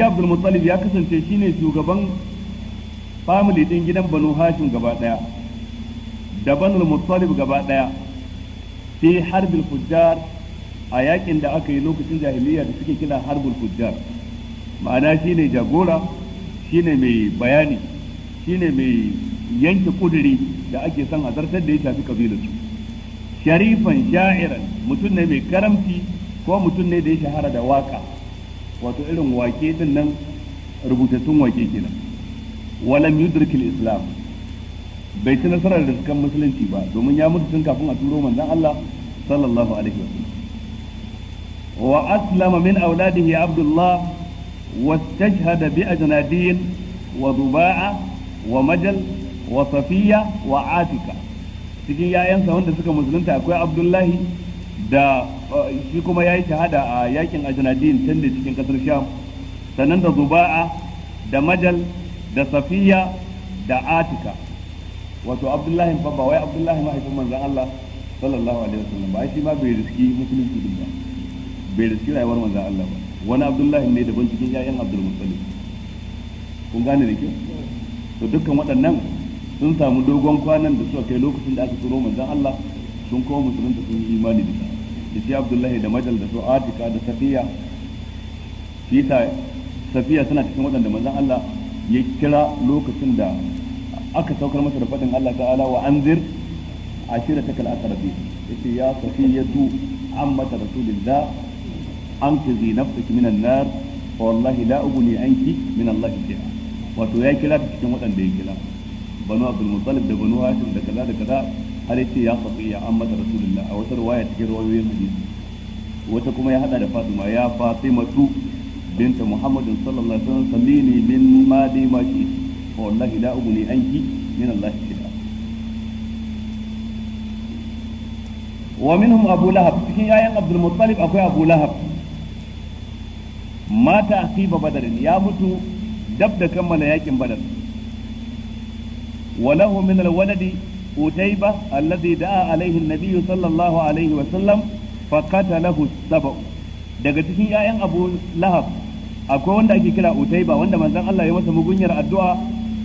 ya abdul muttalib ya kasance shine shugaban family din gidan banu hashim gaba daya da Banu muttalib gaba daya fi harbil fujjar a yakin da aka yi lokacin jahiliya da suke kira harbul fujjar ma'ana shine jagora shine mai bayani shine mai yanke kuduri da ake son a da ya shafi kabilarsu sharifan sha'iran mutum ne mai karamci ko mutum ne da ya shahara da waka wato irin wake din nan rubutattun wake kenan walam yudrikil islam bai ci nasarar da sukan musulunci ba domin ya mutu tun kafin a turo manzon Allah sallallahu alaihi sallam. wa aslama min auladihi abdullah واستشهد بأجنادين وضباعة ومجل وصفية وعاتكة cikin ‘ya'yansa wanda suka musulunta akwai abdullahi da uh, shi kuma ya yi shahada a yakin ajnadin can da cikin kasar sham sannan da zuba'a da majal da safiya da atika wato abdullahi fa ba wai abdullahi mahaifin manzon Allah sallallahu alaihi wasallam ba shi ma bai riski musulunci din ba bai riski rayuwar manzon Allah ba wani abdullahi ne daban cikin yayan abdul muttalib kun gane da kyau to dukkan waɗannan sun samu dogon kwanan da suka kai lokacin da aka turo manzon Allah sun koma musulunta sun yi imani da shi da shi abdullahi da majal da su da safiya shi safiya tana cikin waɗanda manzon Allah ya kira lokacin da aka saukar masa da faɗin Allah ta'ala wa anzir ashirata kal aqrabi yace ya safiyatu ammata rasulillah anqizi nafsaki minan nar fa wallahi la ughni anki min Allah shay'a wato ya kira cikin waɗanda ya kira banu abdul muttalib da banu hashim da kaza da kaza har yace ya safiya an masa rasulullah a wata riwaya cikin rawayoyin hadisi wata kuma ya hada da fatima ya fatimatu binta muhammadin sallallahu alaihi wasallam sallini min ma dai ma wallahi la ubni anki min allah shida wa minhum abu lahab cikin yayan abdul muttalib akwai abu lahab mata asiba badar ya mutu dab da kammala yakin badar وله من الولد أتيبة الذي دعا عليه النبي صلى الله عليه وسلم فقتله السبع daga cikin ‘ya'yan abu lahab akwai wanda ake kira Otaiba wanda manzon Allah ya masa mugunyar addu'a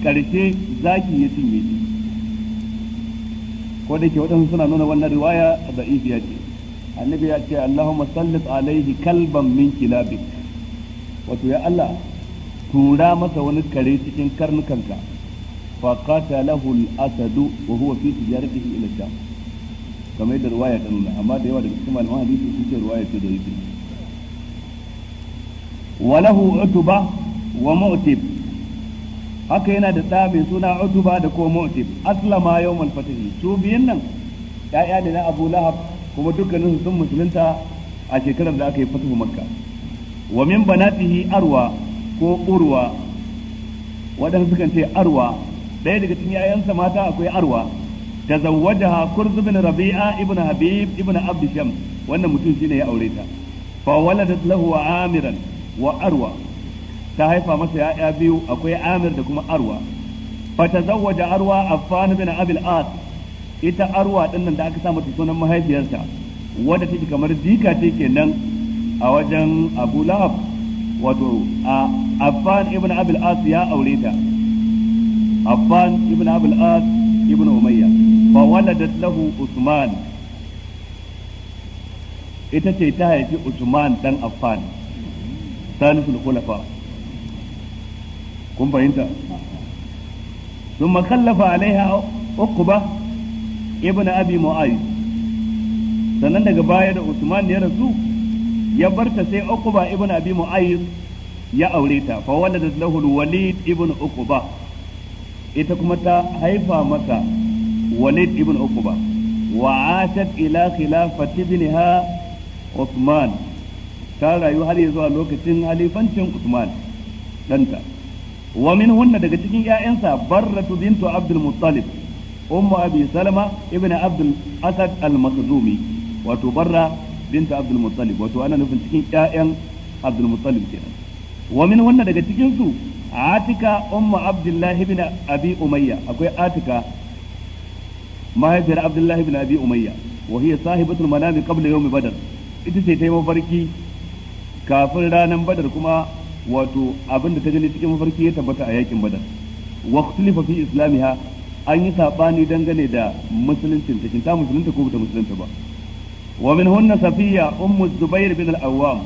karshe zaki ya cinye shi ko da ke waɗansu suna nuna wannan riwaya da ifiya ce annabi ya ce Allahumma sallit alaihi kalban min kilabik wato ya Allah tura masa wani kare cikin karnukanka فقتله الأسد وهو في تجارته إلى الشام كما يدى رواية أنه أما دي وادي كما لما حديث يسوك رواية تدريك وله عتبة ومؤتب haka yana da tsami suna utuba da kuma mu'tib aslama yawmal fatih su biyan nan ya'ya ne na Abu Lahab kuma dukkanin sun musulunta a shekarar da aka yi fatihu Makka wa min banatihi arwa ko urwa wadanda suka ce arwa ɗaya daga cikin yayansa mata akwai arwa tazawwajaha kurz bin rabi'a ibn habib ibn abd wannan mutum shine ya aure ta fa waladat lahu amiran wa arwa ta haifa masa ya'ya biyu akwai amir da kuma arwa fa tazawwaja arwa affan ibn abi as ita arwa din nan da aka sa mata sunan mahaifiyarsa wadda take kamar dika ce kenan a wajen abu lahab wato a affan ibn Abil as ya aure ta Affan ibn Abul As ibn Umayya fa waladat lahu Usman ita ce ta haifi Usman dan Affan salisul khulafa kun fahimta sun ثم خلف عليها عقبة ابن أبي معاذ sannan daga baya da Usman ya rasu ya barta sai uku ba ibn Abi Mu'ayyid ya aure ta fa wanda da lahu Walid ibn Uqba ita kuma ta haifa masa walid ibn uqba wa atat ila khilafati ibnha usman ta rayu har yanzu a lokacin halifancin usman danta wa min hunna daga cikin ƴaƴansa barratu bintu abdul muttalib ummu abi salama ibn abdul asad al makhzumi wato barra bintu abdul muttalib wato ana nufin cikin ƴaƴan abdul muttalib kenan wa min wannan daga cikin su atika ummu abdullahi bin abi umayya akwai atika mahaifiyar abdullahi bin abi umayya wa hiya sahibatul manami qabla yawmi badr ita ce ta yi mafarki kafin ranar badar kuma wato abin da ta gani cikin mafarki ya tabbata a yakin badar wa ikhtilafa fi islamiha an yi sabani dangane da musuluncin ta ta musulunta ko ta musulunta ba wa min hunna safiya ummu zubair bin al-awwam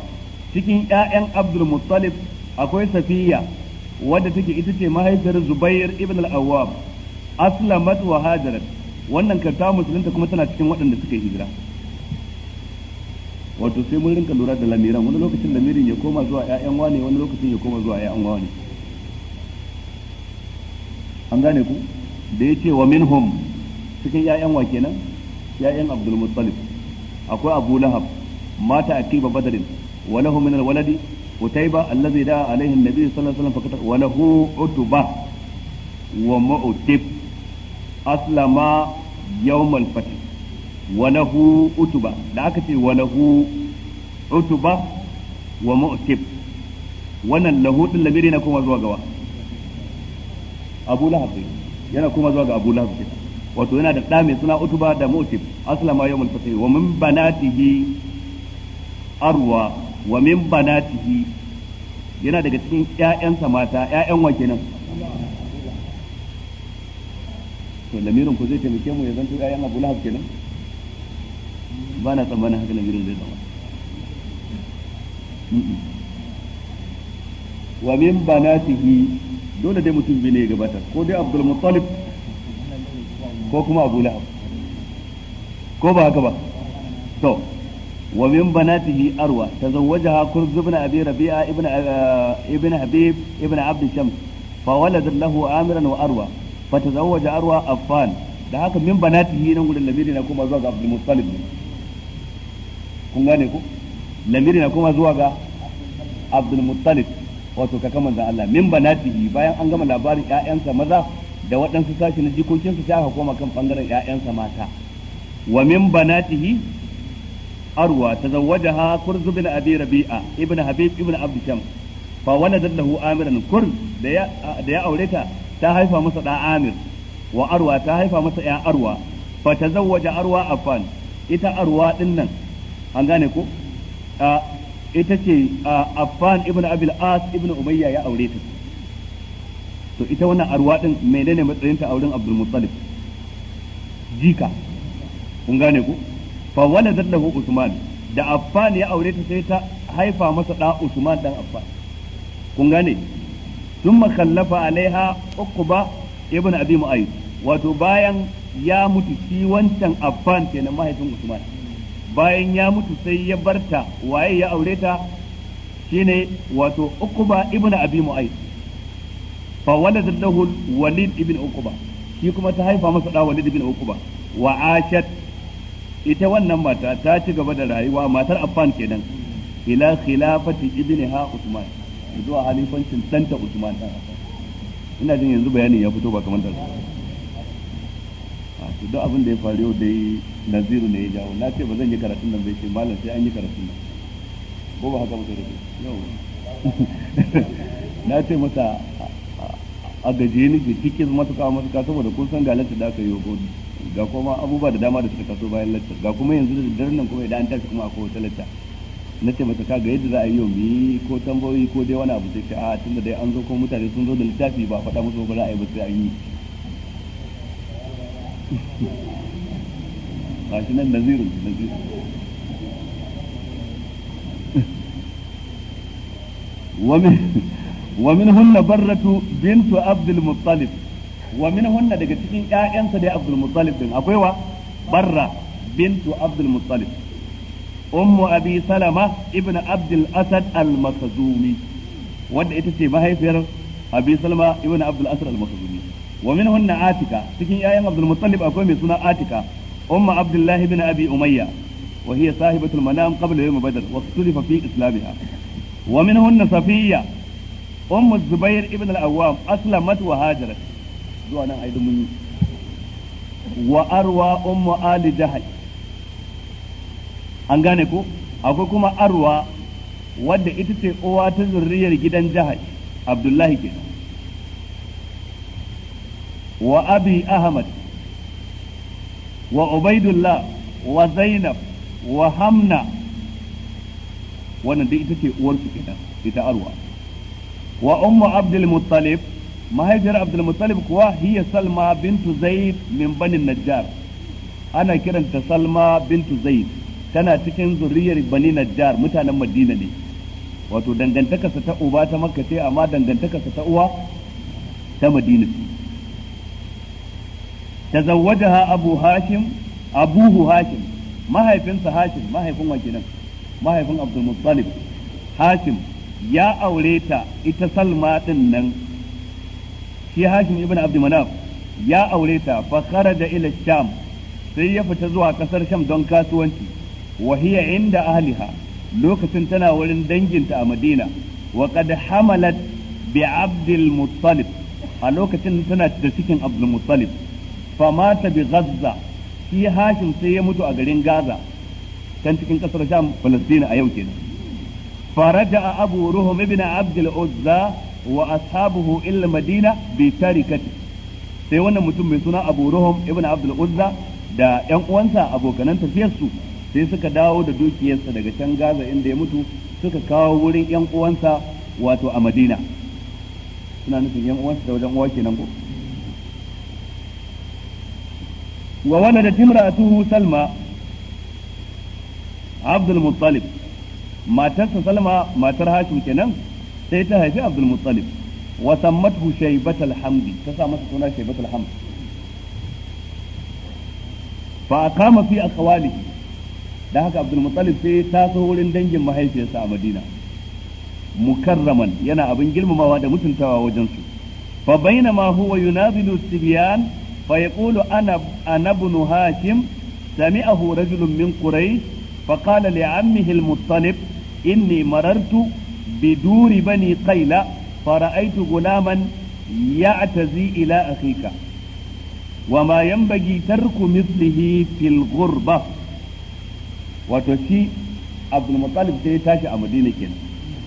cikin ƴaƴan Abdul Muttalib akwai Safiya wadda take ita ce mahaifiyar Zubair ibn al awwam aslamat wa hajarat wannan karta musulunta kuma tana cikin waɗanda suka yi hijira wato sai mun rinka lura da lamiran wani lokacin lamirin ya koma zuwa ƴaƴan wane wani lokacin ya koma zuwa ƴaƴan wane an gane ku da ce wa minhum cikin ƴaƴan wa kenan ƴaƴan Abdul Muttalib akwai Abu Lahab mata Akiba Badrin وله من الولد قتيبة الذي دعا عليه النبي صلى الله عليه وسلم فقتل وله عتبة ومعتب أسلم يوم الفتح وله عتبة دعك وله عتبة ومعتب wannan lahud din lamiri na kuma zuwa gawa Abu yana kuma zuwa ga Abu Lahab wato yana da mai suna Utuba da Mu'tib aslama yawmul fatih wa min banatihi arwa wa min banatihi yana daga cikin ƴaƴansa mata ƴaƴan wa kenan to lamirin ku zai taimake mu ya zanto ƴaƴan Abu Lahab kenan ba na tsammanin haka lamirin zai zama wa min banatihi dole dai mutum bine ne ya gabata ko dai Abdul Muttalib ko kuma Abu Lahab ko ba haka ba to ومن بناته أروى تزوجها كرز بن أبي ربيعة ابن ابن حبيب ابن عبد الشمس فولد له عامرا وأروى فتزوج أروى أفان da haka min banatihi nan lamiri na kuma zuwa ga Abdul ne kun gane ku lamiri kuma zuwa ga Abdul wato kaka manzon Allah min banatihi bayan an gama labarin 'ya'yansa maza da waɗansu sashi na jikokinsa sai aka koma kan bangaren 'ya'yansa mata wa min banatihi أروى تزوجها كرز بن أبي ربيعة ابن حبيب ابن عبد شمس فولدت له آمرا كرز ديا أوليتا تهيفا مسا آمر وأروى تهيفا مسا يا أروى فتزوج أروى أفان إتا أروى إنن أنغانيكو إتا ita ce affan ibn abil as ibn umayya ya aure ta to ita wannan arwa din menene matsayin ta auren abdul muttalib jika kun gane ku fa waladat lahu usman da affan ya aure ta sai ta haifa masa da usman dan affan kun gane thumma khallafa alaiha uqba ibn abi mu'ayyid wato bayan ya mutu shi wancan affan kenan mahaifin usman bayan ya mutu sai ya barta waye ya aure ta shine wato uqba ibn abi mu'ayyid fa waladat lahu walid ibn uqba shi kuma ta haifa masa da walid ibn uqba wa ashat ita wannan mata ta ci gaba da rayuwa matar Affan kenan ila khilafati ibniha Usman zuwa halifancin danta Usman dan ina jin yanzu bayanin ya fito ba kamar da a to duk abin da ya faru yau dai naziru ne ya jawo na ce ba zan yi karatun nan bai ce malam sai an yi karatun nan ko ba haka ba sai da yau na ce masa a ni nake cikin matuka matuka saboda kun san ga lantar da aka yi gobe ga kuma abubuwa da dama da suka taso bayan lantar ga kuma yanzu da daren nan kuma idan an tashi kuma akwai wata lantar na ce mata ga yadda za a yi wa mu ko tambayoyi ko dai wani abu sai ce a da dai an zo ko mutane sun zo da littafi ba a faɗa musu ba za a yi ba sai an yi ga shi nan nazirin nazirin ومن ومنهن برة بنت عبد المطلب ومنهن daga cikin ƴaƴansa dai Abdul Muttalib din akwai wa Barra bintu Abdul Muttalib ummu Abi Salama ibn Abdul Asad al wanda ita ce mahaifiyar Abi salma ibn Abdul Asad al-Makhzumi wa minhunna Atika cikin 'ya'yan Abdul Muttalib akwai mai suna Atika umma Abdullah ibn Abi Umayya وهي صاحبة المنام قبل يوم بدر واختلف في إسلامها ومنهن safiyya. ummu zubair ibn al-awwam aslamat wa hajarat zuwa nan ai mun wa arwa ummu ali jahal an gane ko akwai kuma arwa wanda ita ce uwa ta zurriyar gidan jahal abdullahi kenan wa abi ahmad wa ubaidullah wa zainab wa hamna wannan dai ita ce uwar uwarsu kenan ita arwa wa ummu abdul muttalib mahaifiyar abdul muttalib kuwa hiya salma bintu zaid min bani najjar ana kiranta salma bintu zaid tana cikin zuriyar bani najjar mutanen madina ne wato dangantakarsa ta uba ta makka ce amma dangantakarsa ta uwa ta madina ce tazawwajaha abu hashim abuhu hashim mahaifinsa hashim mahaifin wa mahaifin abdul muttalib hashim ya aure ta ita salma din nan shi hashim ibn abd manaf ya aure ta fa kharaja ila sham sai ya fita zuwa kasar sham don kasuwanci wa hiya inda ahliha lokacin tana wurin danginta a madina wa qad hamalat bi abdul muttalib a lokacin tana da cikin abdul muttalib fa mata bi ghazza shi hashim sai ya mutu a garin gaza kan cikin kasar sham falastina a yau kenan فرجع أبو رهم ابن عبد العزى وأصحابه إلى المدينة بتركته sai wannan mutum mai suna Abu Ruhum ibn Abdul Uzza da yan uwansa abokanan tafiyarsu sai suka dawo da dukiyarsa daga can Gaza inda ya mutu suka kawo wurin yan uwansa wato a Madina suna nufin yan uwansa da wajen uwa kenan ko wa wanda walada timra'atuhu Salma Abdul Muttalib matarsa salma matar hashim kenan sai ta haifi abdul muttalib wa sammathu shaybatul hamdi ta sa masa suna a hamd fa aqama fi dan haka abdul muttalib sai ta so wurin dangin mahaifiyarsa a madina mukarraman yana abin girmamawa da mutuntawa wajen su fa bainama huwa yunazilu sibyan fa yaqulu ana ana ibn hashim sami'ahu rajulun min quraish فقال لعمه المطلب إني مررت بدور بني قيلة فرأيت غلاما يعتزي إلى أخيك وما ينبغي ترك مثله في الغربة وتشي عبد المطلب سيتاشي أمدينة كنا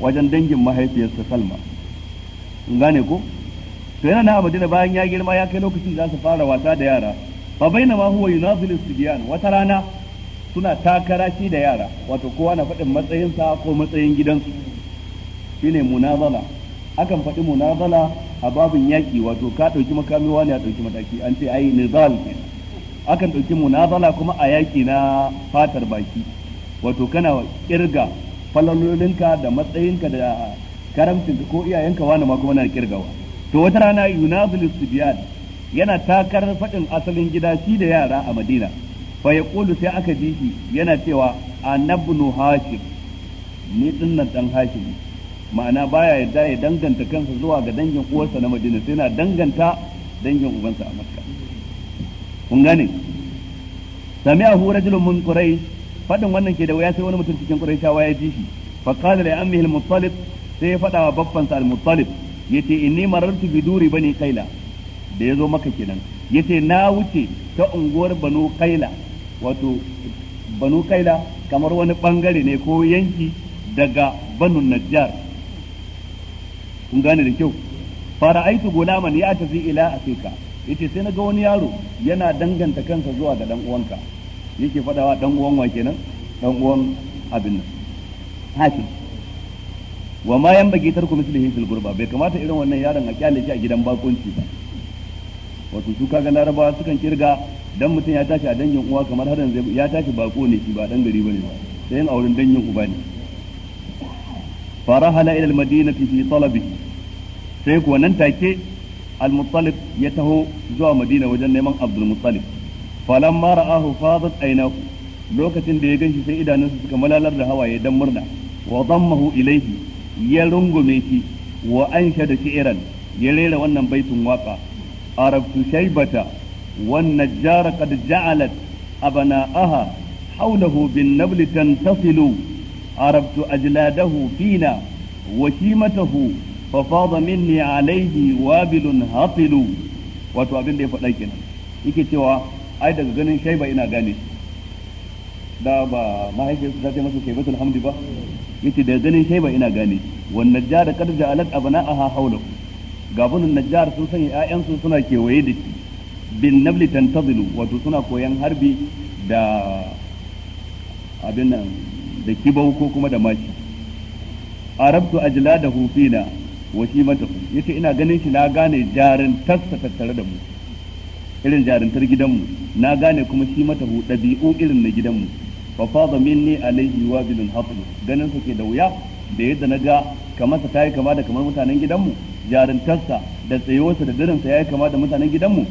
wajen dangin mahaifiyarsa Salma in gane ko to yana na Madina bayan ya girma ya kai lokacin da za su fara wasa da yara fa bainama huwa yunazil wata rana suna takara shi da yara wato kowa na faɗin matsayinsa ko matsayin gidansu ne munazala akan faɗi munazala a babin yaƙi wato ka ɗauki makami wani ya ɗauki mataki an ce ai nizal ke. akan ɗauki munazala kuma a yaƙi na fatar baki wato kana kirga falalolinka da matsayinka da karamcinka ko iyayenka wani ma kuma na kirgawa to wata rana yunazil subiyan yana takarar faɗin asalin gida shi da yara a madina fa kulu sai aka ji shi yana cewa anabnu hashim ni dinnan dan hashim ma'ana baya yarda ya danganta kansa zuwa ga dangin uwarsa na Madina sai na danganta dangin ubansa a Makka kun gane sami'ahu rajulun min fadin wannan ke da waya sai wani mutum cikin shawa ya ji shi fa qala li ammihi al-muttalib sai ya fada wa babbansa al-muttalib yace inni marartu bi duri bani kaila da yazo maka kenan yace na wuce ta unguwar banu kaila wato banu kaila kamar wani bangare ne ko yanki daga banu najjar kun gane da kyau aitu gulaman ya tafi ila afika yace sai naga wani yaro yana danganta kansa zuwa ga dan uwanka yake fadawa dan uwan wa kenan dan uwan abin nan Haki wa ma yan bagi tarku mislihi fil gurba bai kamata irin wannan yaron a kyale shi a gidan bakunci ba wato su kaga larabawa sukan kirga dan mutum ya tashi a dangin uwa kamar har yanzu ya tashi bako ne shi ba dan gari bane ba sai yin auren dangin uba ne farahala ila almadinati fi talabihi sai kuwa nan take al ya taho zuwa madina wajen neman abdul muttalib falamma ra'ahu fadat aynahu lokacin da ya ganshi sai idanunsa suka malalar da hawaye dan murna wa dammahu ilayhi ya rungume shi wa ansha da shi'ran ya rera wannan baitin waka arabtu shaybata wan najjar qad ja'alat abna'aha hawlahu bin nabl tantasilu arabtu ajladahu fina ففاض مني عليه وابل هطل wato abin da ya faɗa kenan yake cewa ai daga ganin shaiba ina gane da ba mahaifiyarsa ta ce masa shaibatul hamdi ba yace daga ganin shaiba ina gane wannan ga najjar sun sanya 'ya'yansu suna kewaye da shi bin nabli tantazilu wato suna koyan harbi da abin nan da kibau ko kuma da mashi arabtu ajladahu fina wa shi shimatahu yace ina ganin shi na gane jarin tassa tattare da mu irin jarintar gidanmu na gane kuma shi mata dabi'u irin na gidanmu fa fada minni alaihi wabilun ganin sa ke da wuya da yadda na ga kamar sa tayi kama da kamar mutanen gidanmu jarintarsa da tsayuwarsa da dirinsa ya yi kama da mutanen gidanmu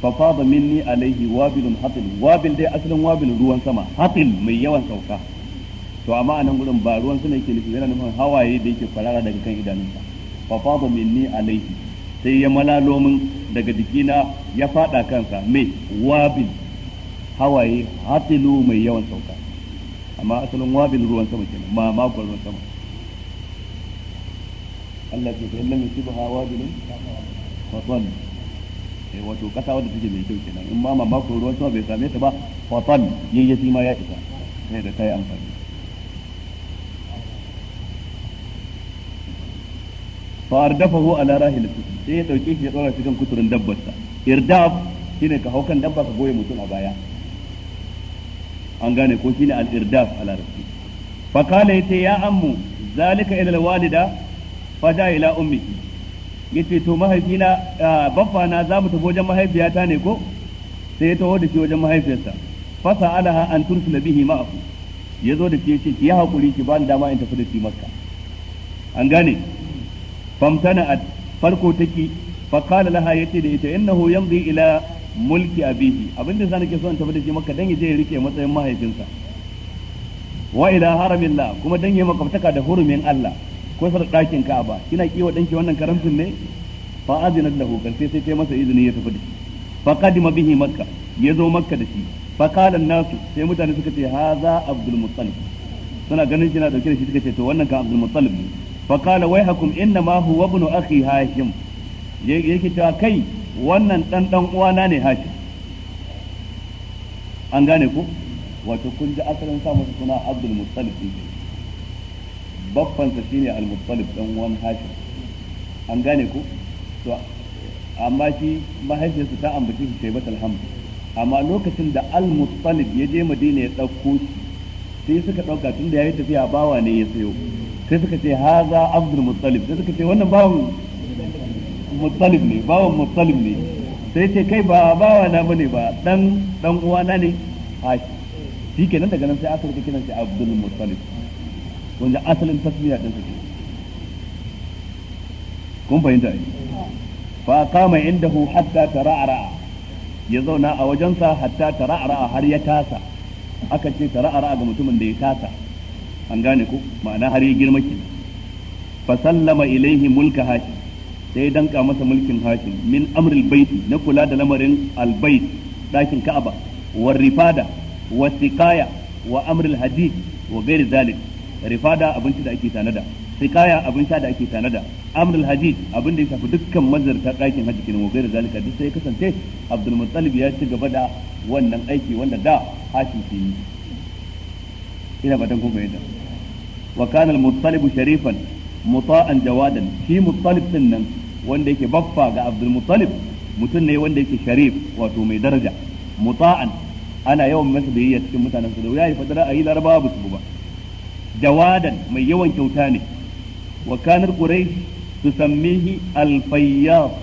fa fada minni alaihi wabilun hatil wabil dai asalin wabil ruwan sama hatil mai yawan sauka to amma a nan gurin ba ruwan sama yake nufi yana nufin hawaye da yake farara daga kan idanunsa fa fada minni alaihi sai ya malalo min daga jikina ya fada kansa mai wabil hawaye hatilu mai yawan sauka amma asalin wabil ruwan sama kenan ma makon ruwan sama Allah ce fa lam yusibha wabilun fa tan eh wato kasa wadda take mai kyau kenan in ma ma ba ko ruwan sama bai same ta ba fa tan yayyafi ma ya isa sai da kai amfani fa ardafahu ala rahil sai ya dauke shi ya tsara cikin kuturin dabbar sa irdaf shine ka hau kan dabba ka goye mutum a baya an gane ko shine al irdaf ala rahil fa kale yace ya ammu zalika ila al walida faja ila ummihi yace to mahaifina baffa na za mu tafi wajen mahaifiyata ne ko sai ya taho da shi wajen mahaifiyarsa fa sa'alaha an tursila bihi ma'ahu ya zo da shi yace ki hakuri ki ni dama in tafi da shi makka an gane famtana'at farko take fa qala laha yace da ita innahu yamdi ila mulki abihi abinda zan nake so in tafi da shi makka dan ya je ya rike matsayin mahaifinsa wa ila haramillah kuma dan ya makwabtaka da hurumin Allah kofar ɗakin Ka'aba kina kiwa danki wannan karamcin ne fa azinat lahu karshe sai ta masa izini ya tafi da shi fa qadima bihi makka ya zo makka da shi fa qala nasu sai mutane suka ce haza abdul muttalib suna ganin shi na dauke da shi suka ce to wannan kan abdul muttalib ne fa qala waihakum inna ma huwa ibnu akhi hashim yake cewa kai wannan dan dan uwana ne hashim an gane ku wato kun ji asalin sa masa suna abdul muttalib ne baffansa shine al-muttalib dan wani hashim an gane ku to amma shi mahaifiyarsa ta ambaci shi batal hamd amma lokacin da al-muttalib ya je madina ya dauko shi sai suka dauka tunda yayi tafiya bawa ne ya sayo sai suka ce haza abdul muttalib sai suka ce wannan bawan muttalib ne bawan muttalib ne sai ce kai ba bawa na bane ba dan dan na ne hashi shikenan daga nan sai aka rika kiran shi abdul muttalib wanda asalin tasmiya din ke kun fahimta ne fa qama indahu hatta tara'ara ya zauna a wajensa hatta tara'ara har ya tasa aka ce tara'ara ga mutumin da ya tasa an gane ku ma'ana har ya girma ki fa sallama ilaihi mulka Hashi sai ya danka masa mulkin Hashi min amril baiti na kula da lamarin albayt dakin ka'aba war rifada wa siqaya wa amril hadid wa ghairi zalik rifada abinci da ake tanada sikaya abin sha da ake tanada amrul hadid abin da ya shafi dukkan mazarta ɗakin hajji kenan wa da zalika duk sai kasance abdul muttalib ya ci gaba da wannan aiki wanda da hashim ke yi ina fatan kun fahimta wa kana al muttalib sharifan muta'an jawadan shi muttalib din nan wanda yake baffa ga abdul muttalib mutum ne wanda yake sharif wato mai daraja muta'an ana yawan masa biyayya cikin mutanen su da wuya ya fadara ayi larabawa ba su ba jawadan mai yawan kyauta ne wa kanar quraish tusammihi al-fayyas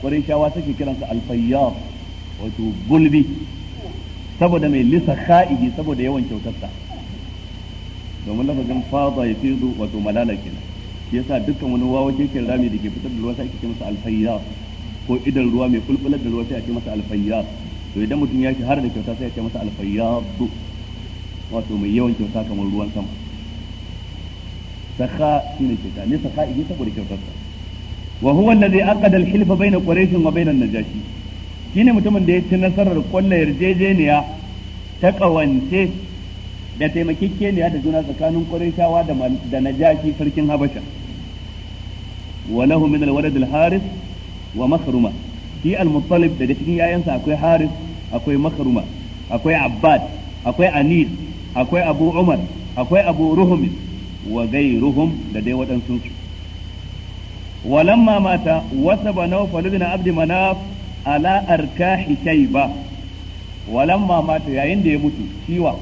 qurayshawa suke kiransa al-fayyas wato gulbi saboda mai lisa kha'iji saboda yawan kyautarsa domin lafazin fada ya fizo wato malala kenan shi yasa dukkan wani wawa keken rami da ke fitar da ruwa sai ake ce masa alfayyas ko idan ruwa mai kulkular da ruwa sai ake masa alfayyas to idan mutum ya har da kyauta sai ake masa alfayyadu wato mai yawan kyauta kamar ruwan sama sakha shine kyauta ne sakha yi saboda kyautarsa wa huwa alladhi aqada al-hilfa bayna quraish wa bayna an-najashi shine mutumin da ya ci nasarar kullu yarjejeniya ta kawance da taimakekeniya da juna tsakanin quraishawa da da najashi sarkin habasha wa lahu min al-walad al-haris wa makhruma shi al-muttalib daga cikin yayansa akwai haris akwai makhruma akwai abbad akwai anis akwai abu umar akwai abu ruhumin wa gairuhum da dai waɗansu walamma mata wasaba nawfal ibn abd manaf ala arkahi shayba walamma mata yayin da ya mutu shiwa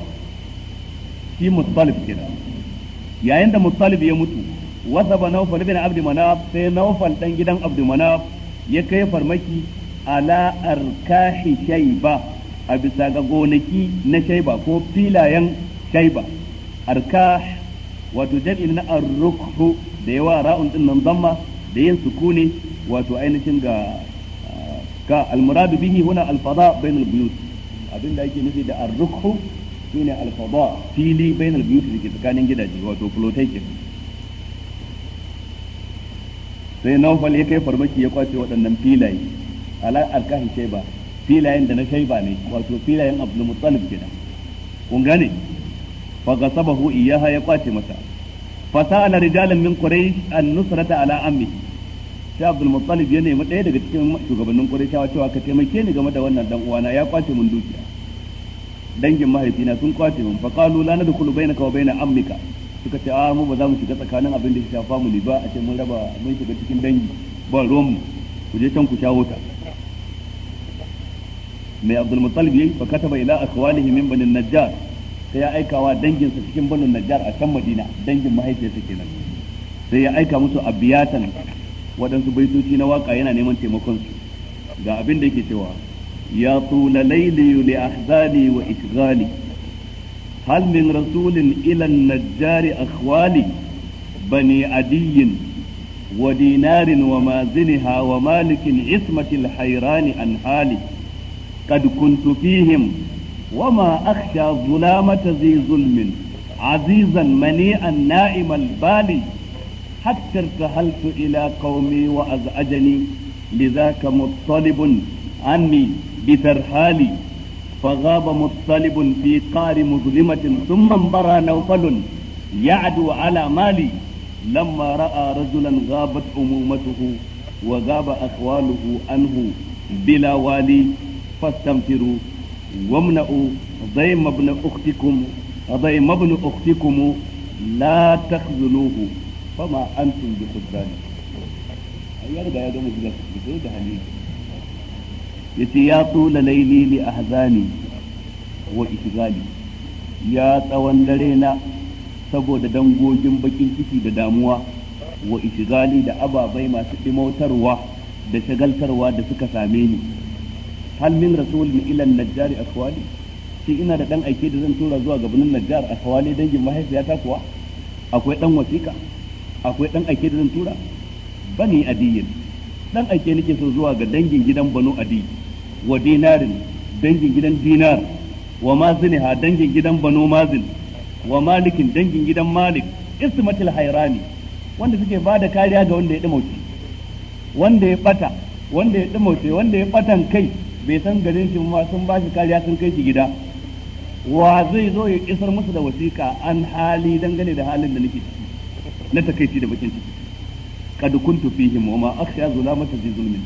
shi musalib kenan yayin da musalib ya mutu wasaba nawfal ibn abd manaf sai nawfal dan gidan abd manaf ya kai farmaki ala arkahi shayba a bisa ga gonaki na shaiba ko filayen shaiba arkah wato jam'in na ar-rukhu da yawa ra'un din nan damma da yin sukuni wato ainihin ga ka al-muradu bihi huna al-fada bain al-buyut abinda ake nufi da ar-rukhu shine al-fada fili bain al-buyut dake tsakanin gidaje wato flotai sai Nawfal ya kai farmaki ya kwace waɗannan filaye ala alkahin shaiba filayen da na shaiba ne wato filayen Abdul Muttalib kenan kun gane fa gasabahu iyaha ya kwace masa fa sa'ala rijalan min quraish an nusrata ala ammi sai abdul muttalib ya nemi ɗaya daga cikin shugabannin qurayshawa cewa ka taimake ni game da wannan dan uwana ya kwace mun dukiya dangin mahaifina sun kwace mun fa qalu la nadkhulu bainaka wa baina ammika suka ce a mu ba za mu shiga tsakanin abin da ya shafa mu ne ba a ce mun raba mun shiga cikin dangi ba ruwan mu ku je can ku shawo ta mai abdul muttalib yi fa kataba ila akwalihi min banin najjar sai ya aika wa danginsa cikin banu najjar a can madina dangin mahaifiyarsa kenan sai ya aika musu abiyatan waɗansu baitoci na waka yana neman taimakon su ga abin da yake cewa ya tula laili li ahzani wa ishghali hal min rasulin ila najjari akhwali bani adiyin wadinarin dinarin wa maziniha wa malikin ismatil hayrani an hali قد كنت فيهم وما أخشى ظلامة ذي ظلم عزيزا منيئا نائم البالي حتى ارتهلت إلى قومي وأزعجني لذاك مطلب عني بترحالي فغاب مطلب في قار مظلمة ثم انبرى نوفل يعدو على مالي لما رأى رجلا غابت أمومته وغاب أخواله عنه بلا والي فاستمتروا وامنعوا ضيم ابن أختكم ضيم ابن أختكم لا تخذلوه فما أنتم بخذلانه ya riga ya gama gida fito da ya tsula laili li ahzani wa ishgali ya tsawon dare na saboda dangogin bakin ciki da damuwa wa ishgali da ababai masu dimautarwa da shagaltarwa da suka same ni hal min rasulin ila najjari akhwali shi ina da dan aike da zan tura zuwa gabanin bunin najjar akwali dangin mahaifiyata kuwa akwai dan wasika akwai dan aike da zan tura bani adiyin dan aike nake so zuwa ga dangin gidan banu adi wa dinarin dangin gidan dinar wa ha dangin gidan banu mazin wa malikin dangin gidan malik ismatil hayrani wanda suke ba da kariya ga wanda ya dumauce wanda ya bata wanda ya dumauce wanda ya batan kai bai san garin shi ma sun ba shi kariya sun kai shi gida wa zai zo ya isar musu da wasiƙa an hali dangane da halin da nake ciki na takaici da bakin ciki kad kuntu fihim wa ma akhsha zulamata zi zulmin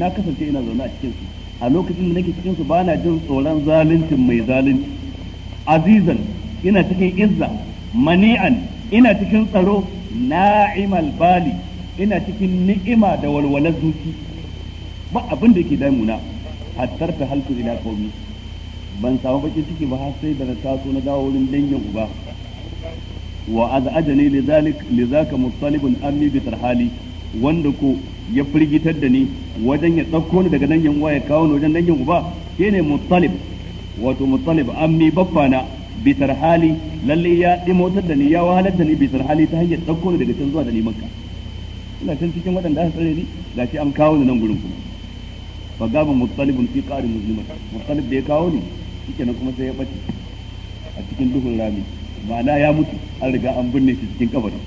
na kasance ina zaune a cikin su a lokacin da nake cikin su bana jin tsoron zaluncin mai zalunci azizan ina cikin izza mani'an ina cikin tsaro na'imal bali ina cikin ni'ima da walwalar zuci ba abin da yake damuna hattar ta halku ila qaumi ban samu bakin ciki ba har sai da na taso na dawo wurin dangin uba wa az'ajani lidhalik lidhaka muttalibun amni bi tarhali wanda ko ya firgitar da ni wajen ya dauko ni daga dangin uba ya kawo ni wajen dangin uba shine muttalib wato muttalib amni baffana bi tarhali lalle ya dimotar da ni ya wahalar da ni bi tarhali ta hanyar dauko ni daga can zuwa da ni makka ina can cikin waɗanda aka tsare ni gashi an kawo ni nan gurin kuma fa gaba muttalibun fi qarin muslimat muttalib da ya kawo ne shike na kuma sai ya bace a cikin duhun rami ma'ana ya mutu an riga an binne shi cikin kabarin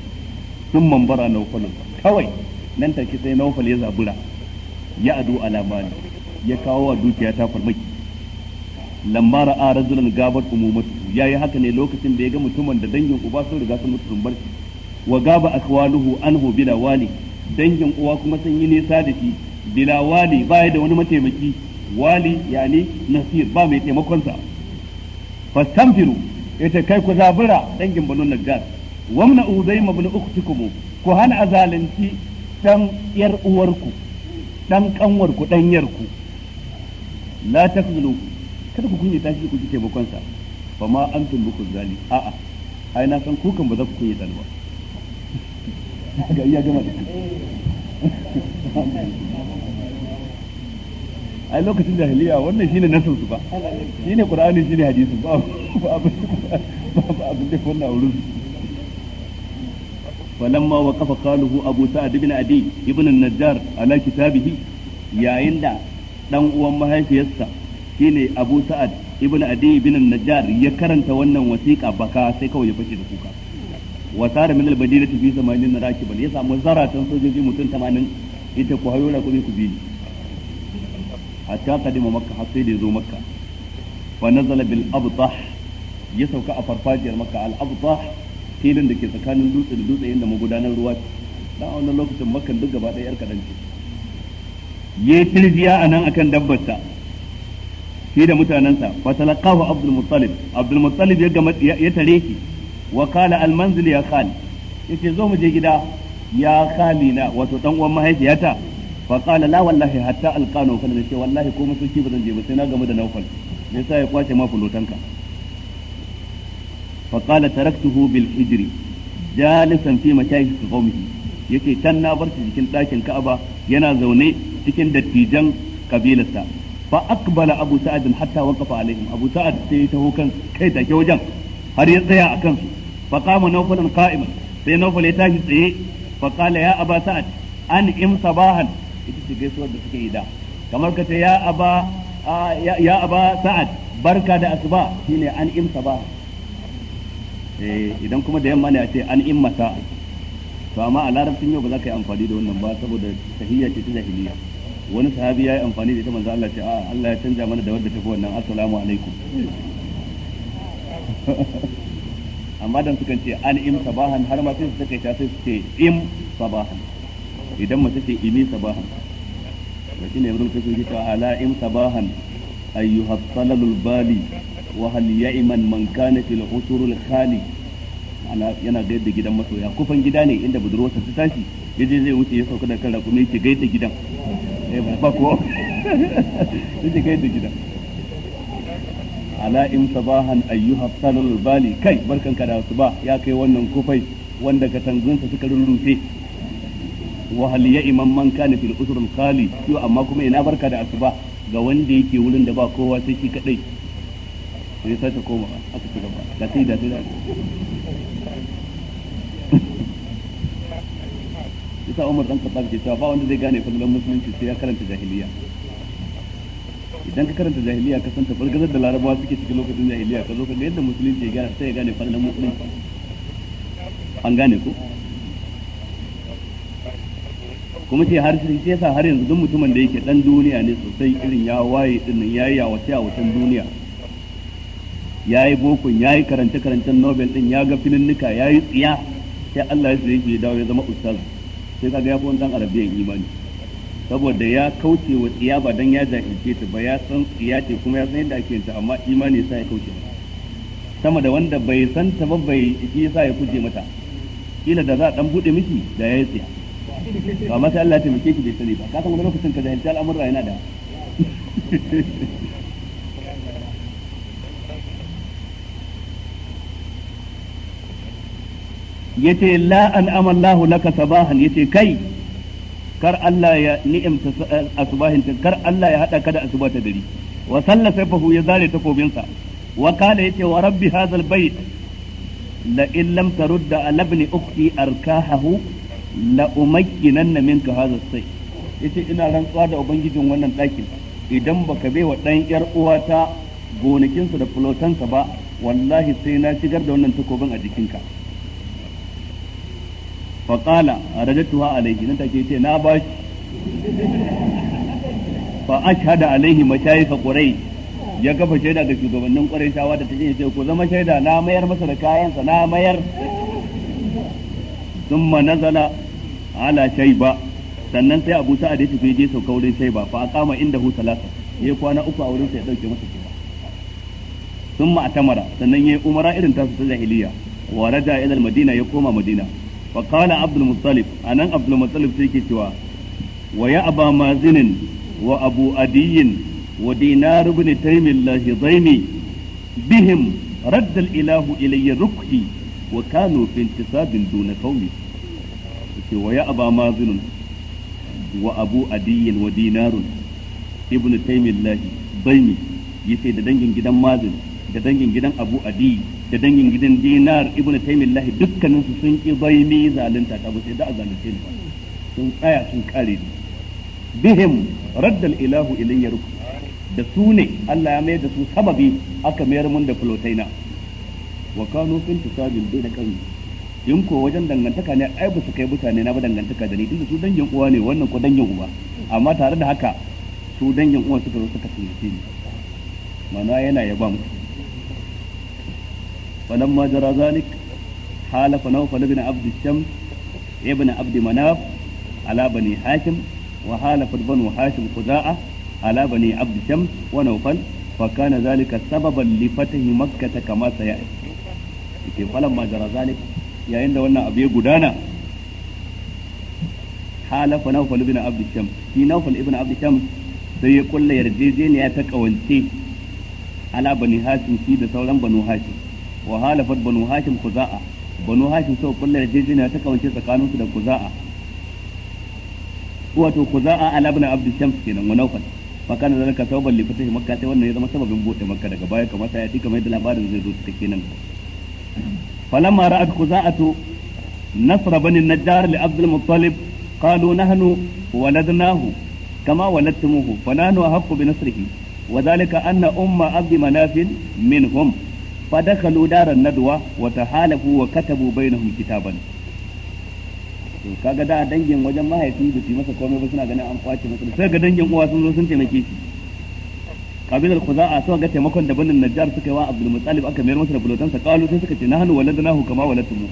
sun mambara naufalin kawai nan take sai naufal ya zabura ya adu alamani ya kawo wa dukiya ta farmaki lambara ra'a rajulan gabat umumatu yayi haka ne lokacin da ya ga mutumin da dangin uba sun riga sun mutu sun bar shi wa gaba akwaluhu anhu bila wali dangin uwa kuma sun yi nisa da shi bila wali ba ya da wani mataimaki wali yani nasir ba mai taimakonsa fastanfiru ita kai ku zabura dangin banu najjar wamna uzaima bin ukhtikum ku hana azalanci dan yar uwarku dan kanwarku dan yarku la takzulu kada ku kunye tashi ku ji bakonsa fa ma antum bi kuzali a a ai na san kukan ba za ku kunye dan ba ga iya gama da ai lokacin jahiliya wannan shine nasu su ba shine qur'ani shine hadisi ba ba abin ba abin da wannan wurin waqafa qaluhu abu ابو ibn adi ibn an Najjar ala كتابه yayin da dan uwan mahaifiyarsa shine Abu Sa'ad ibn Adi ibn Najjar ya karanta wannan wasiƙa baka sai kawai ya fice da kuka wa sara min al-madinati fi 80 rakiban ya samu zaratan sojoji mutum 80 ita ku hayo na kuma ku bi hatta kadima makka har sai da zo makka fa nazala bil abtah ya sauka a farfajiyar maka al abtah filin da ke tsakanin dutse da dutse inda magudanar ruwa da a wannan lokacin makkan duk gaba ɗaya yar kadan ce yayi tirjiya anan akan dabbarsa shi da mutanensa fa talaqahu abdul muttalib abdul muttalib ya ya tare shi wa qala al manzil ya khal yace zo mu je gida ya khalina wato ɗan uwan mahaifiyata fa qala la wallahi hatta alqano fa nace wallahi ko musulki ba zan je ba sai na gamu da naufal me yasa ya kwace ma fulutanka fa qala taraktuhu bil hijri jalisan fi mashayikh qaumihi yace can na bar shi cikin dakin Ka'aba yana zaune cikin dattijan kabilarsa fa aqbala abu sa'ad hatta waqafa alaihim abu sa'ad sai ya taho kan kai take wajen har ya tsaya sai ya tsaye sa'ad an ita ce gaisuwar da suke yi da kamar ka ce ya aba ya aba sa'ad barka da asuba shine an imsa ba eh idan kuma da yamma ne a ce an imma to amma a larabcin yau ba za ka yi amfani da wannan ba saboda sahiyya ce ta jahiliya wani sahabi ya yi amfani da ita manzo Allah ce a Allah ya canja mana da wanda tafi wannan assalamu alaikum amma dan sukan ce an im sabahan har ma sai su take ta sai su ce im sabahan idan mace ce imi sabahan shi ne rubuta kashe cewa ala in sabahan ayyuha salalul bali wa hal ya'iman man kana fil usurul khali ana yana gaida da gidan masoya kufan gida ne inda budurwarsa ta tashi yaje zai wuce ya sauka da kan rakumi yake gaida gidan eh ba ko gaida gidan ala in sabahan ayyuha salalul bali kai barkan ka da ba ya kai wannan kufai wanda ka katangunsa suka rurrufe wa hal ya imam man kana fil usrul khali yo amma kuma ina barka da asuba ga wanda yake wurin da ba kowa sai shi kadai sai sai ta koma aka ci gaba da sai da sai isa Umar dan Khattab ke cewa ba wanda zai gane fadalan musulunci sai ya karanta jahiliya idan ka karanta jahiliya ka san tabargazar da larabawa suke cikin lokacin jahiliya ka zo ka ga yadda musulunci ya gane sai ya gane fadalan musulunci an gane ko kuma ce har shi sai sa har yanzu duk mutumin da yake dan duniya ne sosai irin ya waye din ya yi a wutan duniya ya bokun yayi yi karance nobel din ya ga Nika ya yi tsiya sai Allah ya tsaye shi dawo ya zama ustaz sai kaga ya fi wani dan arabiyan imani saboda ya kauce wa tsiya ba dan ya jahilce ta ba ya san tsiya ce kuma ya san yadda ake ta amma imani sai ya kauce sama da wanda bai san ta ba bai yi sa ya kuje mata kila da za a dan bude miki da ya yi tsiya to amma sai Allah ya taimake shi bai sani ba ka san wani lokacin ka jahilci al'amura yana da yace la an amallahu laka sabahan yace kai kar Allah ya ni'imta eh, asubahin kar Allah ya hada ka da asuba ta gari wa salla sayfahu ya zare takobinsa wa kana yace wa rabbi hadha albayt la in lam tarudda ala ibn ukhti arkahahu la na minka haza sai yace ina rantsuwa da ubangijin wannan ɗakin idan baka bai wa dan yar uwata gonakinsa da fulotansa ba wallahi sai na shigar da wannan takobin a jikinka faƙala a rajattuwa alayhi nan take ce na ba shi fa ashhadu alayhi mashayikh qurai ya kafa shaida ga shugabannin qurayshawa da take yace ko zama shaida na mayar masa da kayansa na mayar thumma nazala ala shayba sannan sai Abu Sa'ad ya tafi je sauka wurin shayba fa aqama indahu salasa yayi kwana uku a wurin sa ya dauke masa kiba thumma atamara sannan yayi umara irin tasu ta jahiliya wa raja ila al-madina ya koma madina fa qala Abdul Muttalib anan Abdul Muttalib sai yake cewa wa ya aba mazinin wa abu adiyin wa dinar ibn taymillahi zaini bihim raddal ilahu ilayya rukhi wa kanu fi intisabin duna kaumi ce wa ya aba wa abu adiyin wa dinarun ibnu taymillahi baini yace da dangin gidan mazun da dangin gidan abu adi da dangin gidan dinar ibnu taymillahi dukkanin su sun ki baini zalunta ta ba sai da zalunce sun tsaya sun kare ni bihim raddal ilahu ilayya da su ne Allah ya mai da su sababi aka mayar mun da flotaina wa kanu fin tisabin bai da kan in ko wajen dangantaka ne ai ba su kai mutane na ba dangantaka da ni tunda su dangin uwa ne wannan ko dangin uwa amma tare da haka su dangin uwa suka zo suka tsinci ni mana yana yaba musu falamma jara zalik hala fa nawfal ibn abd shams ibn abd manaf ala bani hashim wa hala fa banu hashim qudaa ala bani abd shams wa nawfal fa kana zalika sababan li fatahi makkah kama sayati yake falan ma jara zalik yayin da wannan abu ya gudana halafa nawfal ibn abd shams shi nawfal ibn abd shams sai ya kulla yarjejeniya ta kawance ala bani hashim shi da sauran banu hashim wa halafat banu hashim kuza'a banu hashim sau kulla yarjejeniya ta kawance tsakaninsu da kuza'a wato kuza'a ala ibn abd shams kenan wa nawfal fakana zalika sababan li fatahi makka sai wannan ya zama sababin bude makka daga baya kamata ya dika mai da labarin zai zo take nan فلما رأت خزاعة نصر بني النجار لعبد المطلب قالوا نحن ولدناه كما ولدتموه فنحن أحق بنصره وذلك أن أم عبد مناف منهم فدخلوا دار الندوة وتحالفوا وكتبوا بينهم كتابا kaga da dangin wajen mahaifi da su masa komai ba suna ganin an kwace masa sai ga dangin uwa sun zo sun taimake shi kabilar khuza'a suka ga taimakon da banin najjar suka yi wa abdul muttalib aka mayar masa da bulotan sa qalu sai suka ce nahnu waladnahu kama waladtumu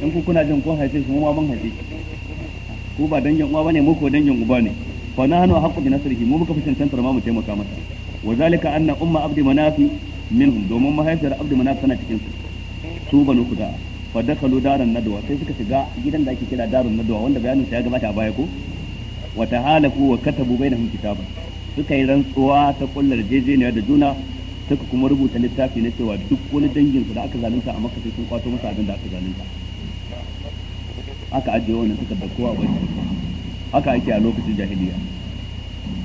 in ku kuna jin kun haife su ma ban haife ku ba dangin uwa bane mu ko dangin uba ne fa nahnu haqqu bi nasrihi mu muka fi cancantar ma mu taimaka masa wa zalika anna umma abdi manafi minhum domin mahaifiyar abdi manafi tana cikin su su banu khuza'a fa dakhalu daran nadwa sai suka shiga gidan da ake kira darun nadwa wanda bayanin sa ya gabata a baya ko wa tahalaku wa katabu bainahum kitaban suka yi rantsuwa ta kullar jejeniya da juna suka kuma rubuta littafi na cewa duk wani dangin su da aka zalunta a makka sai sun kwato masa abin da aka zalunta aka ajiye wannan suka da kowa bai haka ake a lokacin jahiliya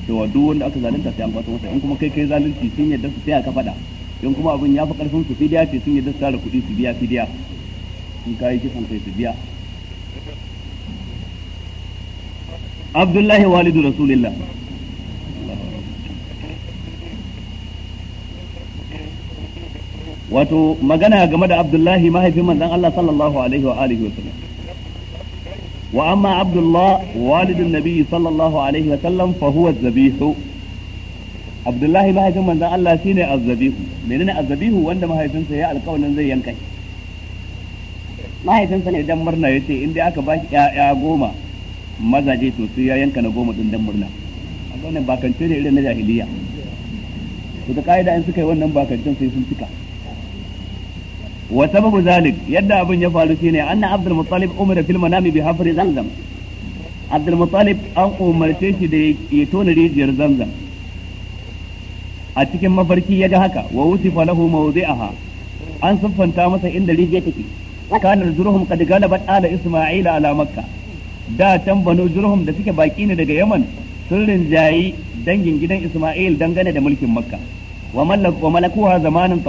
cewa duk wanda aka zalunta sai an kwato masa in kuma kai kai zalunci sun yadda su sai aka faɗa in kuma abin ya fi karfin su fidiya ce sun yadda su tara kuɗi su biya fidiya in kayi kisan kai su biya Abdullahi walidu Rasulillah wato magana game da abdullahi mahaifin manzon Allah sallallahu alaihi wa alihi wa sallam wa amma abdullah walidun nabi sallallahu alaihi wa sallam fa huwa zabihu abdullahi mahaifin manzon Allah shine azzabihu menene azzabihu wanda mahaifinsa ya alƙawarin zai yanka mahaifinsa ne dan murna yace in dai aka ba shi ƴaƴa goma mazaje to sai ya yanka na goma din dan murna wannan bakance ne irin na jahiliya to da kaida in suka yi wannan bakancin sai sun cika wa sababu zalik yadda abin ya faru shine anna abdul muttalib umira fil manami bi hafri zamzam abdul muttalib an umarce shi da ya tona rijiyar zamzam a cikin mafarki ya ga haka wa wusifa lahu mawdi'aha an siffanta masa inda rijiya take kana jurhum qad galabat ala isma'ila ala makka da can banu da suke baki ne daga yaman sun rinjayi dangin gidan isma'il gane da mulkin makka wa mallaku wa malakuha zamanin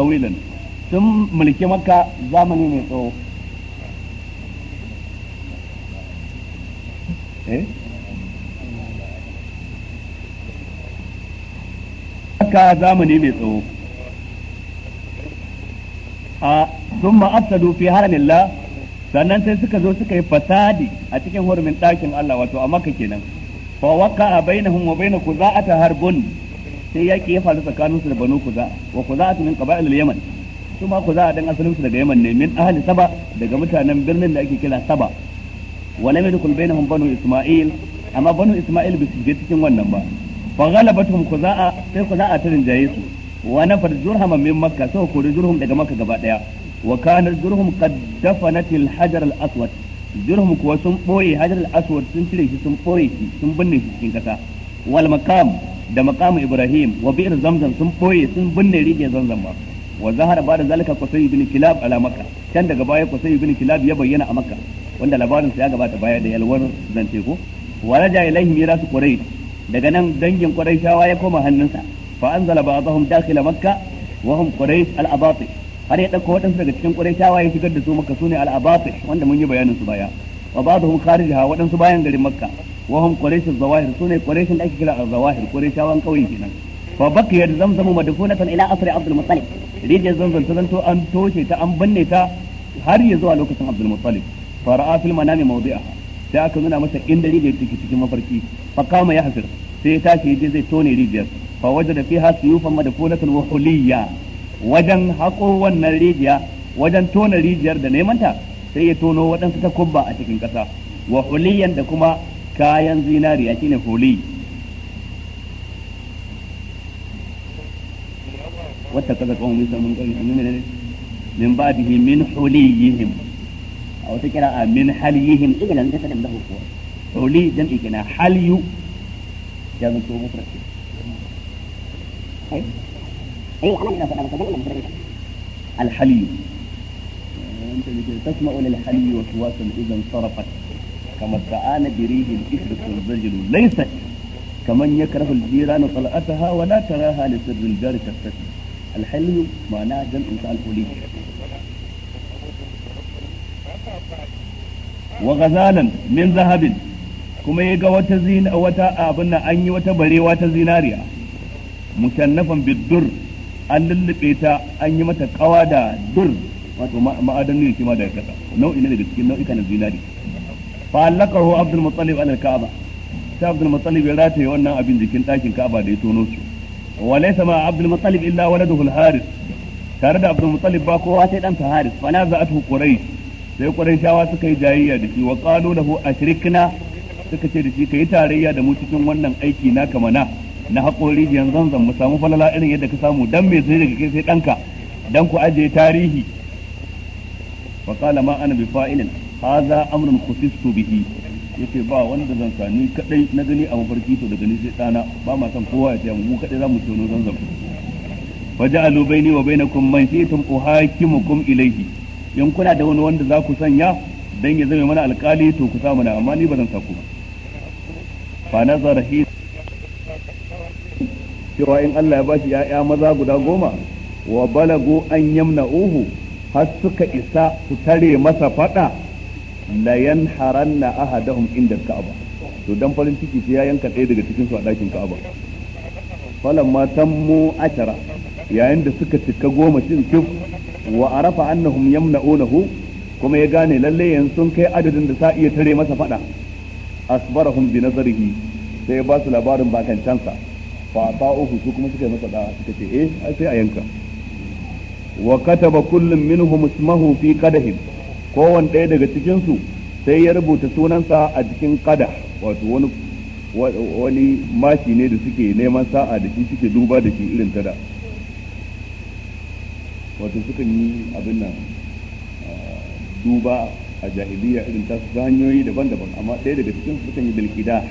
sun mulki makka zamani mai tsawo eh? makka zamani mai tsawo a sun ma'afsadu fi haramillah sannan sai suka zo suka yi fasadi a cikin hurumin ɗakin Allah wato a makka kenan fa waka a bainahum wa a kuza'ata harbun sai yaki ya faru tsakaninsu da banu kuza'a wa kuza'atu min qaba'il yaman su ma ku za a dan asalin su daga Yaman ne min ahli Saba daga mutanen birnin da ake kira Saba wa lam yadkhul bainahum banu Isma'il amma banu Isma'il bi je cikin wannan ba fa ghalabatuhum khuza'a sai a ta rinjaye su wa nafar jurhama min makka sai ko jurhum daga makka gaba daya wa kana jurhum qad dafanat al-hajar al-aswad jurhum kuwa sun boye hajar al-aswad sun cire shi sun boye shi sun binne shi cikin kasa wal maqam da maqam ibrahim wa bi'r zamzam sun boye sun binne rige zamzam ba wa zahara ba da zalika qusay ibn kilab ala makka can daga baya qusay ibn kilab ya bayyana a makka wanda labarin sa ya gabata baya da yalwar zance ko wa raja ilaihi mirasu quraish daga nan dangin quraishawa ya koma hannunsa fa anzala ba'dahum dakhila makka wa hum quraish al abati har ya dauko wadansu daga cikin quraishawa ya shigar da su makka sune al abati wanda mun yi bayanin su baya wa ba'dahum kharijaha wadansu bayan garin makka wa hum quraish al zawahir sune quraish da ake kira al zawahir quraishawan kauye kenan fa baqiyat zamzam madfunatan ila asri abdul muttalib rijiyar zamzam ta zanto an toshe ta an banne ta har ya zuwa lokacin abdul muttalib fa ra'a fil manami mawdi'aha sai aka nuna masa inda rijiyar take cikin mafarki fa kama ya hasir sai ya tashi ya zai tona rijiyar fa wajada fiha suyufan madfunatan wa huliyya wajen haƙo wannan rijiya wajen tona rijiyar da neman sai ya tono waɗansu takubba a cikin ƙasa wa da kuma kayan zinariya shine huli واتخذ قوم موسى من قوم من بعده من حليهم أو تكرا من حليهم إذا لم تكن له قوة حلي جمع كنا حلي جمع سوء مفرد أي طيب. أي أيوة، أنا الحلي تسمع للحلي وسواس إذا انصرفت كما استعان بريح الإثر الرجل ليست كمن يكره الجيران طلعتها ولا تراها لسر الجار تختفي alhaliyu ma'ana jam'in sa alhuli wa ghazalan min zahabin kuma ya ga wata zina wata abin nan an yi wata barewa ta zinariya mushannafan biddur an lullube ta an yi mata kawa da dur wato ma'adan ne shi ma daga kasa nau'i ne daga nau'ika na zinari fa abdul kaaba abdul ya rataya wannan abin jikin dakin ka'aba da ya tonosu. wa laysa ma abdul muttalib illa waladuhu al-haris tare da abdul muttalib ba kowa sai dan haris fa naza'atu sai quraishawa suka yi jayayya da shi wa qalu lahu ashrikna suka ce da shi kai tarayya da mu cikin wannan aiki na kamana na haƙori biyan zanzan mu samu falala irin yadda ka samu dan me sai daga kai sai danka dan ku ajiye tarihi wa qala ma ana bi fa'ilin hadha amrun khusistu bihi yace ba wanda zan sa ni kadai na gani a mafarki to daga ni sai dana ba ma san kowa ya ce mu kadai zamu ci wannan zanzam faja'alu baini wa bainakum man shi'tum uhakimukum ilayhi in kuna da wani wanda za ku sanya dan ya zame mana alkali to ku sa mana amma ni ba zan sa ku ba fa nazara hi cewa in Allah ya bashi ya'ya maza guda goma wa balagu an yamna'uhu har suka isa su tare masa fada la yanharanna ahadahum inda ka'aba to dan farin ciki sai ya yanka ɗaya daga cikin su a ɗakin ka'aba falamma tammu ashara yayin da suka cika goma cin kif wa arafa annahum yamna'unahu kuma ya gane lalle yanzu sun kai adadin da sa iya tare masa fada asbarahum bi nazarihi sai ya ba su labarin bakancansa fa ta'uhu su kuma suka masa da suka ce eh sai a yanka wa kataba kullum minhum ismahu fi qadahin kowane ɗaya daga cikinsu sai ya rubuta sunansa a cikin kada wato wani wani mashi ne da suke neman sa'a da shi suke duba da shi irin tada wato sukan yi abin nan ah, duba a jahiliya irin tasu ta hanyoyi daban-daban amma ɗaya daga cikin sukan yi bilkida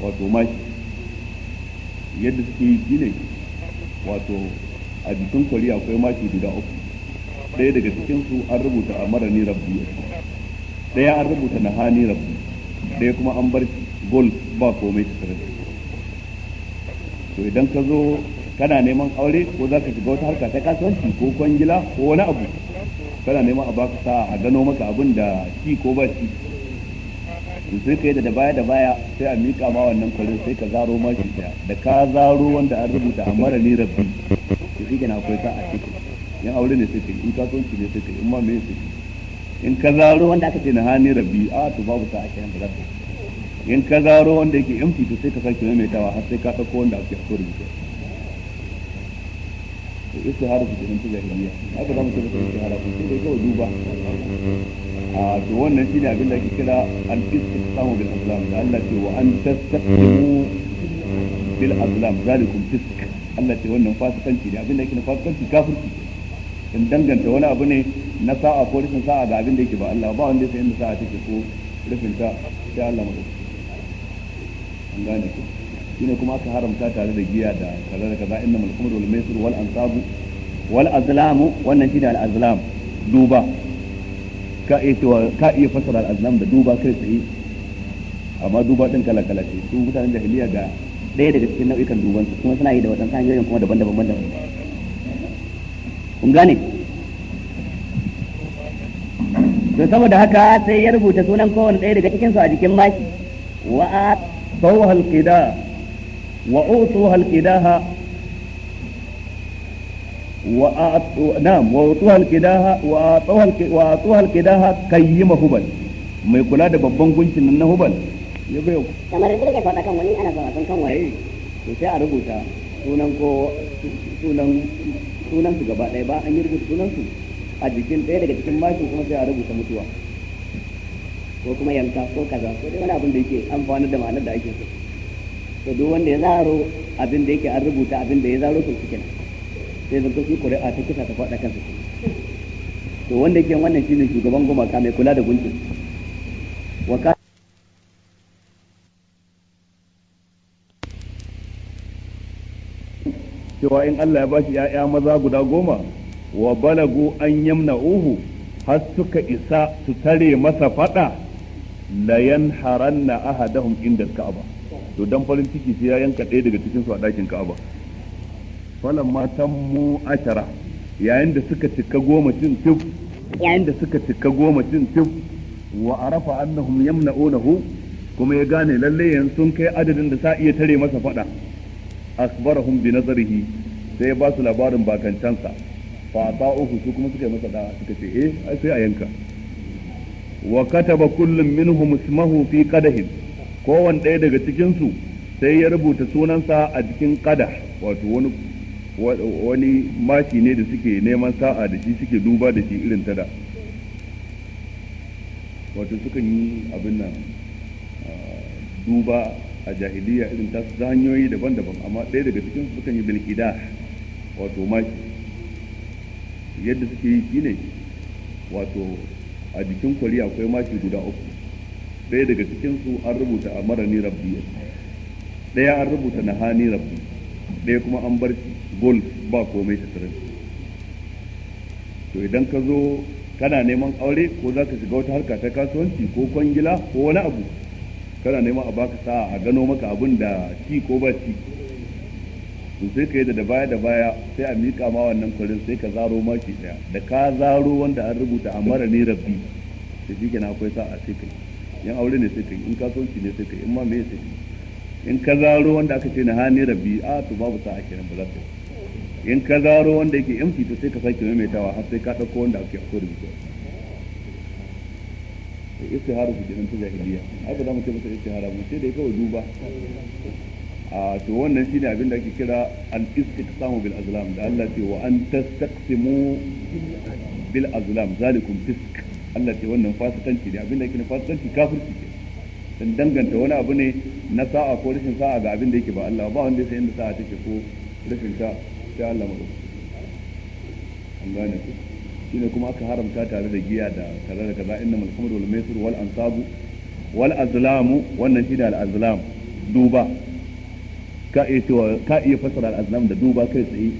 wato mashi yadda suke yi ne wato a jikin kwari akwai mashi guda uku ɗaya daga cikin su an rubuta ni rabbi ɗaya an rubuta na hani rabbi ɗaya kuma an bar gol ba komai ta tare to idan ka zo kana neman aure ko za ka shiga wata harka ta kasuwanci ko kwangila ko wani abu kana neman a baka sa a gano maka abin da ci ko ba ci sai ka yi da baya da baya sai a miƙa ma wannan kwarin sai ka zaro mashi shi da ka zaro wanda an rubuta a mara ni rabbi da shi akwai sa a cikin in aure ne sai kai in kasuwanci ne sai kai in ma me sai kai in ka zaro wanda aka ce na hani rabbi a to babu ta ake nan da zaka in ka zaro wanda yake yan fito sai ka sake maimaitawa har sai ka ɗauko wanda ake akwai rubuta to isa har su kenan ta jahiliya haka za mu ce da isa har su sai kawai duba a to wannan shine abin da ake kira al istiqsamu bil azlam da Allah ce wa an tastaqimu bil azlam zalikum fisk Allah ce wannan fasikanci ne abin da yake na fasikanci kafirci in danganta wani abu ne na sa'a ko rashin sa'a ga abin da yake ba Allah ba wanda ya san inda sa'a take ko rashin ta sai Allah mu an gane ku shine kuma aka haramta tare da giya da kaza da kaza inna mal kumru wal maisir wal ansabu wal azlamu wannan shine al azlam duba ka iya cewa ka iya fasara al azlam da duba kai tsaye amma duba din kala kala ce su mutanen jahiliya ga daya daga cikin nau'ikan duban su kuma suna yi da wadansu hanyoyin kuma daban-daban daban kun gane to saboda haka sai ya rubuta sunan kowane ɗaya daga cikin su a jikin maki wa atawha alqida wa utuha alqidaha wa na'am wa utuha alqidaha wa atawha wa atuha alqidaha kayyima hubal mai kula da babban gunkin nan na hubal ya bayo kamar da kake faɗa kan wani ana zama kan wani eh, to sai a rubuta sunan ko sunan sunan su gaba ɗaya ba an yi rubuta sunan su a jikin ɗaya daga cikin mashin kuma sai a rubuta mutuwa ko kuma yanka ko kaza ko dai wani abin da yake amfani da ma'anar da ake so to duk wanda ya zaro abin da yake an rubuta abin da ya zaro to cikin sai zan kashi ƙuri'a ta kisa ta faɗa kansa to wanda ke wannan shine shugaban gumaka mai kula da gunkin wa cewa in Allah ya bashi ya'ya maza guda goma wa balagu an uhu har suka isa su tare masa fada la yanharanna ahadahum inda ka'aba to dan farin ciki sai ya yanka ɗaya daga cikin su a ɗakin ka'aba falan matan mu ashara yayin da suka cika goma cin tuf yayin da suka cika goma cin tuf wa arafa annahum yamna'unahu kuma ya gane lalle yanzu sun kai adadin da sa iya tare masa fada asbarahum bi nazarihi sai ba su labarin bakancansa fa ta'uhu su kuma suka masa da suka ce eh sai a yanka wa kataba kullum minhum ismahu fi qadahin kowanne ɗaya daga cikin su sai ya rubuta sunansa a cikin qada wato wani wani mashi ne da suke neman sa'a da shi suke duba da shi irin tada wato sukan yi abin nan duba a jahiliya irin ta ta hanyoyi daban-daban amma ɗaya daga cikin su sukan yi bilkida wato maki yadda suke yi shine wato a jikin kwari akwai maki guda uku ɗaya daga cikin su an rubuta a mara ni rabbi ɗaya an rubuta na hani rabbi ɗaya kuma an bar gol ba komai ta tattare to idan ka zo kana neman aure ko za ka shiga wata harka ta kasuwanci ko kwangila ko wani abu kana neman a baka sa'a a gano maka abin da ci ko ba ci to sai ka yi da baya da baya sai a miƙa ma wannan kwarin sai ka zaro maki ɗaya da ka zaro wanda an rubuta a mara ne rabbi da shi kenan akwai sa'a sai ka yan aure ne sai ka in kasuwanci ne sai ka in ma me sai ka in ka zaro wanda aka ce na hani rabbi a to babu sa'a kenan ba za ka yi in ka zaro wanda yake yan to sai ka sake maimaitawa har sai ka ɗauko wanda ake akwai rubuta istihara su gidan ta jahiliya ai ba za mu ce masa istihara mu sai dai kawai duba a to wannan shine abin da ake kira al istiqsamu bil azlam da Allah ce wa an tastaqsimu bil azlam zalikum fisk Allah ce wannan fasikanci ne abin da yake fasikanci kafirci ke dan danganta wani abu ne na sa'a ko rashin sa'a ga abin da yake ba Allah ba wanda ya san inda sa'a take ko rashin ta sai Allah mu an gane ku shine kuma aka haramta tare da giya da kaza da kaza al khamru wal maisir wal ansabu wal azlam wannan shine al azlam duba ka iya cewa ka iya fasara al azlam da duba kai tsaye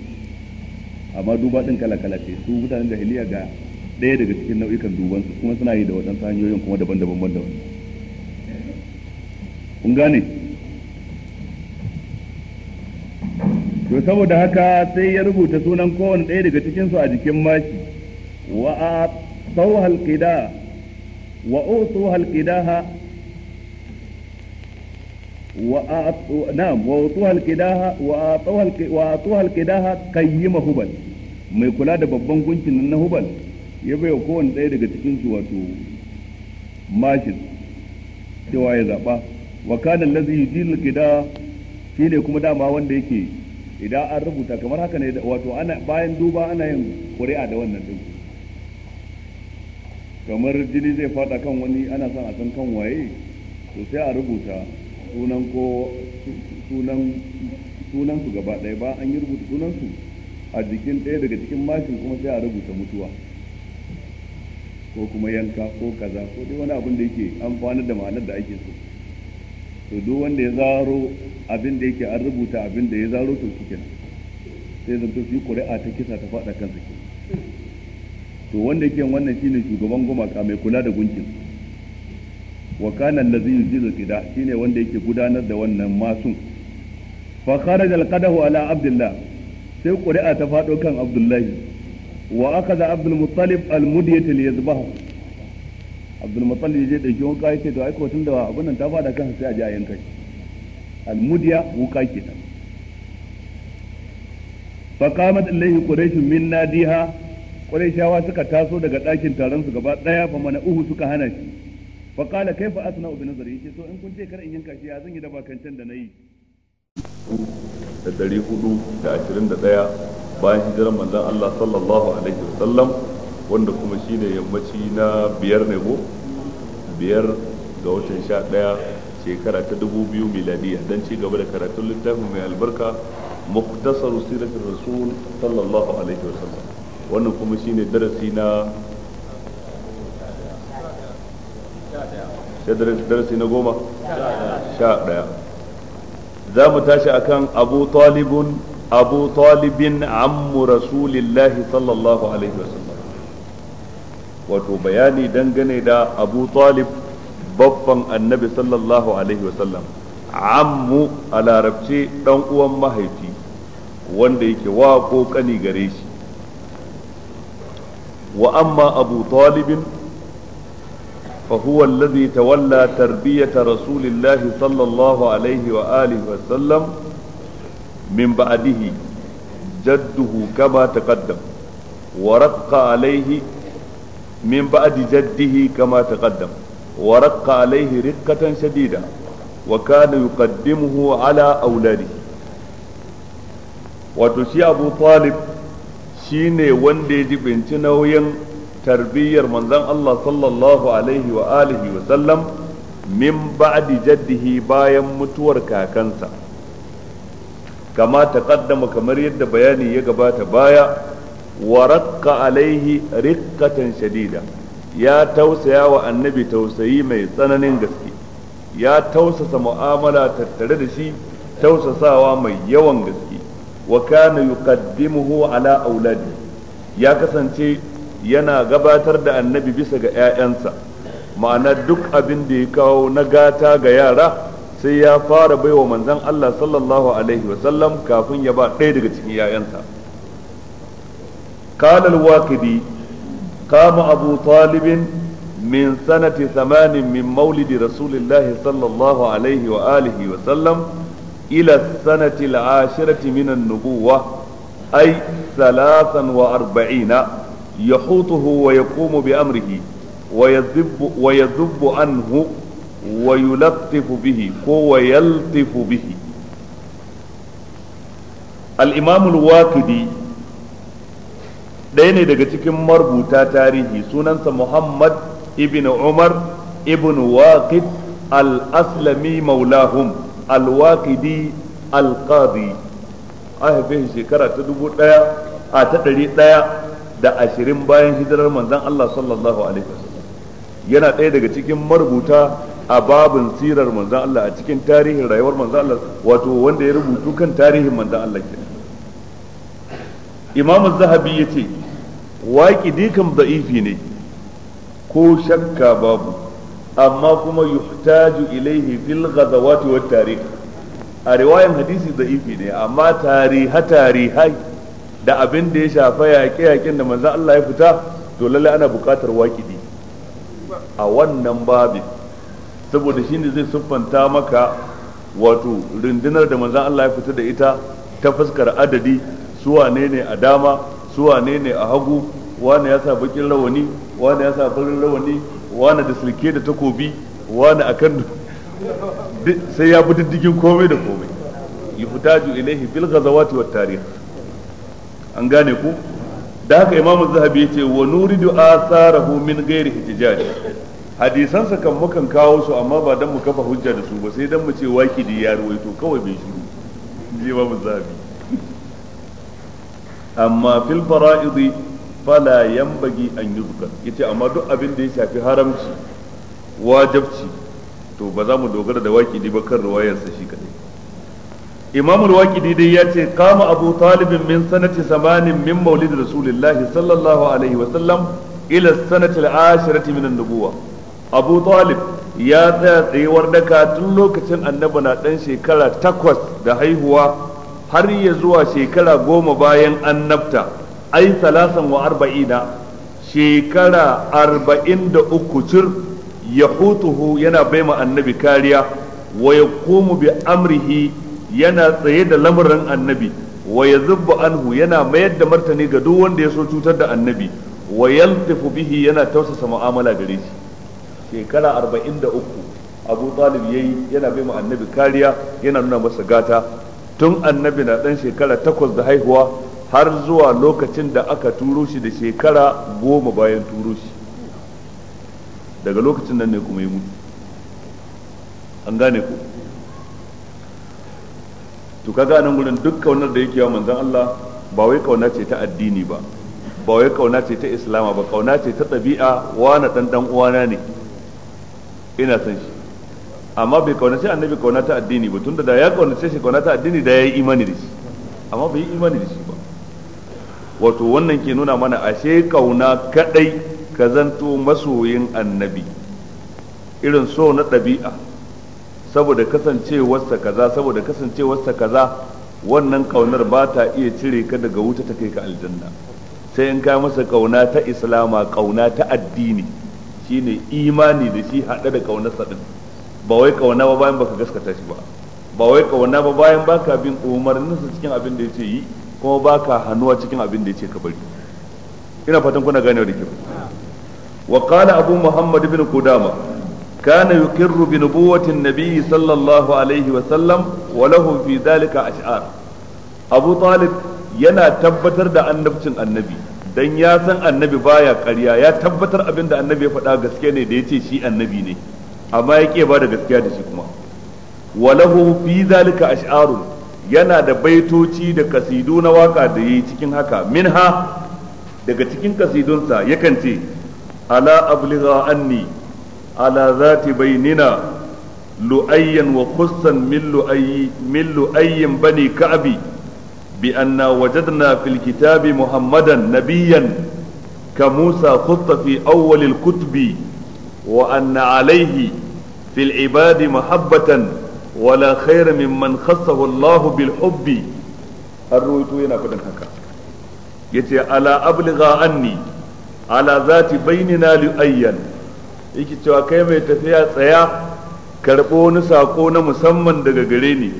amma duba din kala kala ce su mutanen jahiliya ga ɗaya daga cikin nau'ikan duban su kuma suna yi da waɗansu hanyoyin kuma daban-daban ban da wani kun gane to saboda haka sai ya rubuta sunan kowane ɗaya daga cikinsu a jikin mashi وأعطوها القداء وأوتوها القداها وأعطوا mai kula da babban gunkin nan na hubal ya bai wa kowane daga cikin su wato mashin cewa ya zaɓa wa kana allazi yudil shine kuma dama wanda yake idan an rubuta kamar haka ne wato bayan duba ana yin ƙuri'a da wannan din kamar jini zai fada kan wani ana son a san kan waye to sai a rubuta sunan ko sunan sunan su gaba ɗaya ba an yi rubuta sunan su a jikin ɗaya daga cikin mashin kuma sai a rubuta mutuwa ko kuma yanka ko kaza ko dai wani abin da yake amfani da ma'anar da ake so to duk wanda ya zaro abin da yake an rubuta abin da ya zaro to shi kenan sai zanto shi ƙuri'a ta kisa ta faɗa kansa ke to wanda yake wannan shine shugaban gumaka mai kula da gunkin wa kana allazi yuzilu qida shine wanda yake gudanar da wannan masun fa kharaja alqadahu ala abdullah sai ƙuri'a ta faɗo kan abdullahi wa akaza abdul muttalib al mudiyata li yazbahu abdul muttalib je dauki kai yace to ai ko da abun nan ta fada kan sai a ji a yanka al mudiya wuka kenan fa qamat ilayhi quraish min nadiha shawa suka taso daga ɗakin taron su gaba ɗaya fa mana uhu suka hana shi fa kai kaifa asna bi nazari yace so in kun ce kar in yanka shi ya zan yi da can da nayi da dari hudu da ashirin da ɗaya bayan hijiran manzon Allah sallallahu alaihi wasallam wanda kuma shi shine yammaci na biyar ne ko biyar ga watan sha ɗaya shekara ta dubu biyu miladiya don ci gaba da karatun littafin mai albarka muktasar siratul rasul sallallahu alaihi wasallam wannan kuma shine darasi na darasi na goma sha ɗaya za mu tashi akan abu talibun abu talibin ammu rasulillahi sallallahu alaihi wasallam wato bayani dangane da abu talib babban annabi sallallahu alaihi wasallam ammu a larabce dan uwan mahaifi wanda yake wa ko kani gare shi وأما أبو طالب فهو الذي تولى تربية رسول الله صلى الله عليه وآله وسلم من بعده جده كما تقدم ورق عليه من بعد جده كما تقدم ورق عليه رقة شديدة وكان يقدمه على أولاده وتشي أبو طالب shine wanda ya jibinci nauyin tarbiyyar manzon Allah sallallahu alaihi wa alihi wa sallam min ba'di jaddihi bayan mutuwar kakansa kama taqaddama kamar yadda bayani ya gabata baya wa raqqa alaihi riqqatan shadida ya tausaya wa annabi tausayi mai tsananin gaske ya tausasa mu'amala tattare da shi tausasawa mai yawan gaske wa kana yuqaddimuhu ala auladi ya kasance yana gabatar da annabi bisa ga 'ya'yansa ma'ana duk abin da ya kawo na gata ga yara sai ya fara baiwa manzon Allah sallallahu alaihi wasallam kafin ya ba ɗaya daga cikin 'ya'yansa kalal الواقدي kama abu talibin min sanati ثمان min maulidi رسول sallallahu alaihi wa عليه ila sanati al-ashirati min an-nubuwah ay 43 yahutuhu wa yaqumu bi amrihi wa yadhibbu wa yadhibbu anhu wa yulattifu bihi ko wa yaltifu bihi al-imam al ɗaya ne daga cikin marubuta tarihi sunansa Muhammad ibn Umar ibn Waqid al-Aslami maulahum al-waqidi al-qadi an haife shekara ta dubu ɗaya a ta ɗari ɗaya da ashirin bayan hijirar manzon Allah sallallahu alaihi wasallam yana ɗaya daga cikin marubuta a babin sirar manzon Allah a cikin tarihin rayuwar manzon Allah wato wanda ya rubutu kan tarihin manzon Allah kenan Imam Zahabi ya ce waqidi kam da'ifi ne ko shakka babu amma kuma yuhtaju ilaihi fil ghazawati wat tarikh a riwayan hadisi da'ifi ne amma tariha tarihai da abin da ya shafa yaƙe yaƙen da manzan Allah ya fita to lalle ana buƙatar waƙidi a wannan babin saboda shine zai siffanta maka wato rundunar da manzan Allah ya fita da ita ta fuskar adadi su wane ne a dama su wane ne a hagu wane ya sa bakin rawani wane ya sa farin rawani wani da silke da takobi wani akan sai ya bi diddigin komai da komai yuhtaju ilaihi bil ghazawati wat tarikh an gane ku da haka imamu zahabi yace wa nuridu atharahu min ghairi ihtijaj hadisan sa kan mukan kawo su amma ba dan mu kafa hujja da su ba sai dan mu ce waki da ya ruwaito kawai bai shiru je babu zahabi amma fil fara'idi fala yambagi an yuzkar yace amma duk abin da ya shafi haramci wajabci to ba za mu dogara da waƙidi ba kan ruwayarsa shi kadai imam al-waqidi dai ya ce kama abu talib min sanati samanin min maulid rasulillahi sallallahu alaihi wa sallam ila sanati al-ashirati min an-nubuwa abu talib ya tsaya tsayuwar daka tun lokacin annabi na dan shekara takwas da haihuwa har ya zuwa shekara goma bayan annabta ai salasan wa arba'ina shekara arba'in da uku cir ya hutuhu yana baima annabi kariya wa ya bi amrihi yana tsaye da lamarin annabi wa ya zubba anhu yana mayar da martani ga duk wanda ya so cutar da annabi wa yaltifu bihi yana tausasa mu'amala gare shi shekara arba'in da uku abu talib ya yi yana bai ma annabi kariya yana nuna masa gata tun annabi na dan shekara takwas da haihuwa har zuwa lokacin da aka turo shi da shekara goma bayan turo shi daga lokacin nan ne kuma ya mutu an gane ku to kaga nan gurin duk kaunar da yake yawa manzon Allah ba wai kauna ce ta addini ba ba wai kauna ce ta islama ba kauna ce ta ɗabi'a wani ɗan ɗan uwana ne ina son shi amma bai kaunace annabi kauna ta addini ba tunda da ya kaunace shi kauna ta addini da ya yi imani da shi amma bai yi imani da shi wato wannan ke nuna mana ashe kauna kadai ka zanto masoyin annabi irin so na ɗabi'a saboda kasancewarsa kaza saboda kasancewarsa kaza wannan kaunar ba ta iya cire ka daga wuta ta kai ka aljanna sai in ka masa kauna ta islama kauna ta addini shine imani da shi haɗe da kaunarsa din ba wai kauna ba bayan baka gaskata shi ba ba wai kauna ba bayan baka bin umarninsa cikin abin da ya yi kuma baka hannuwa cikin abin da ce ka bari ina fatan kuna gane da kyau wa qala abu muhammad ibn Kudama kana yuqirru bi nubuwwati an-nabi sallallahu alaihi wa sallam wa lahu fi dhalika ash'ar abu talib yana tabbatar da annabcin annabi dan ya san annabi baya ƙarya ya tabbatar abin da annabi ya faɗa gaske ne da ce shi annabi ne amma ya ke ba da gaskiya da shi kuma walahu fi zalika ash'arun yana da baitoci da kasidu na waka da yi cikin haka minha daga cikin kasidunsa yakan ce ala abligha anni ala zati bainina lu'ayyan wa kusan min lu'ayyi min lu'ayyin bani ka'bi bi anna wajadna fil kitabi muhammadan nabiyyan ka musa khutta fi awwal kutubi wa anna alayhi fil ibadi mahabbatan wala khaira mimman khassahu Allah bil hubbi har yana fadin haka yace ala abligha anni ala zati bainina li ayyan yake cewa kai mai tafiya tsaya karɓo ni sako na musamman daga gare ni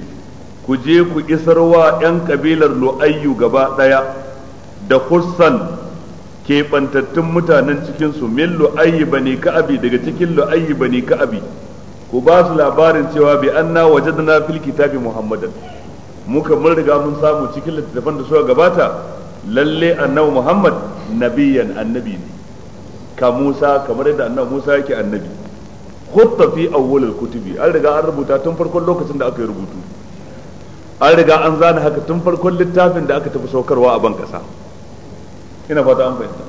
ku je ku isarwa 'yan kabilar lu'ayyu gaba ɗaya da kursan keɓantattun mutanen cikinsu min lu'ayyi bani ka'abi daga cikin lu'ayyi bani ka'abi ku ba su labarin cewa bi anna wajadna fil kitabi muhammadan muka mun riga mun samu cikin littattafan da suka gabata lalle annabi muhammad nabiyan annabi ne ka musa kamar yadda annabi musa yake annabi khutta fi awwalil kutubi an riga an rubuta tun farkon lokacin da aka yi rubutu an riga an zana haka tun farkon littafin da aka tafi saukarwa a ban kasa ina fata an fahimta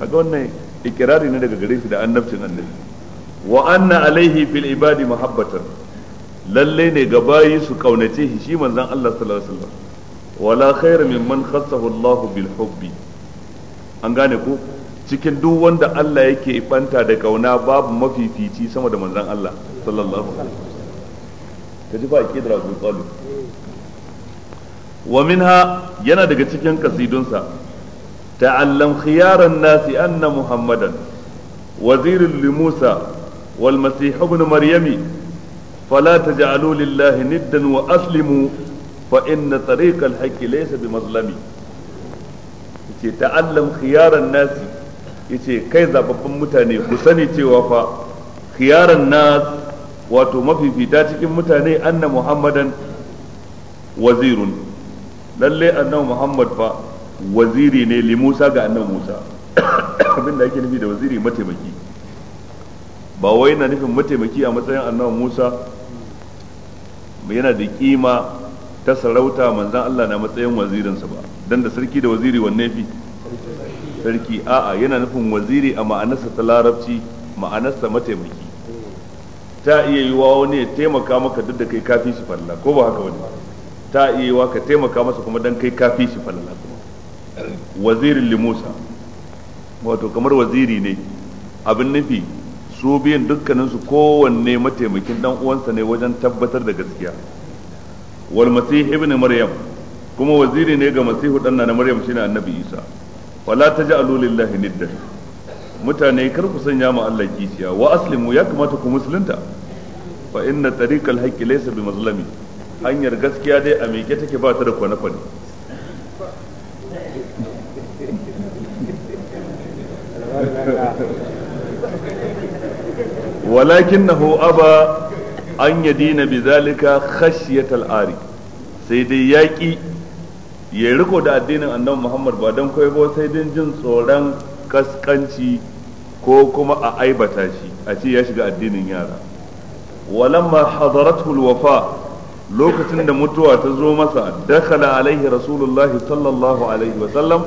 kaga wannan ikirari ne daga gare shi da annabcin annabi wa anna alaihi fil ibadi muhabbatan lalle ne ga bayi su kaunace shi shi manzon Allah sallallahu alaihi wasallam wala khayra mimman khassahu Allah bil hubbi an gane ko cikin duk wanda Allah yake banta da kauna babu mafifici sama da manzon Allah sallallahu alaihi wasallam kaji ba kidra Abu Talib wa minha yana daga cikin kasidunsa ta'allam khiyaran nasi anna muhammadan wazirin limusa. wal masih ibn maryami fala taj'alu lillahi niddan wa aslimu fa inna tariqal haqqi laysa bi mazlami yace ta'allam khiyaran nas yace kai zababban mutane ku sani cewa fa khiyaran nas wato mafifita cikin mutane anna muhammadan wazirun lalle annabi muhammad fa waziri ne li musa ga annabi musa abinda ake nufi da waziri mataimaki ba wai na nufin mataimaki a matsayin annabi Musa yana da kima ta sarauta manzan Allah na matsayin wazirinsa ba dan da sarki da waziri wanne fi sarki a'a yana nufin waziri a ma'anarsa ta larabci ma'anarsa mataimaki ta iya yiwa wani ya taimaka maka duk da kai kafi shi falla. ko ba haka wani ta iya yiwa ka taimaka masa kuma dan kai kafi shi falla. kuma wazirin Limusa. wato kamar waziri ne abin nufi su biyan dukkaninsu kowanne mataimakin dan uwansa ne wajen tabbatar da gaskiya wal masih ibn maryam kuma waziri ne ga masihu dan na maryam shine annabi isa wala taj'alu lillahi nidda mutane kar ku sanya ma Allah kishiya wa aslimu ya kamata ku musulunta fa inna tariqal haqqi laysa bi mazlami hanyar gaskiya dai a meke take ba ta da Thank you. Walakin walakinahu aba an yadina bizalika khashyatal ari sai dai yaƙi ya riko da addinin annabi Muhammad ba dan koyi sai dan jin tsoron ƙasƙanci ko kuma a aibata shi a ce ya shiga addinin yara walamma hadaratul wafa lokacin da mutuwa ta zo masa dakhala alaihi rasulullahi sallallahu alaihi wa sallam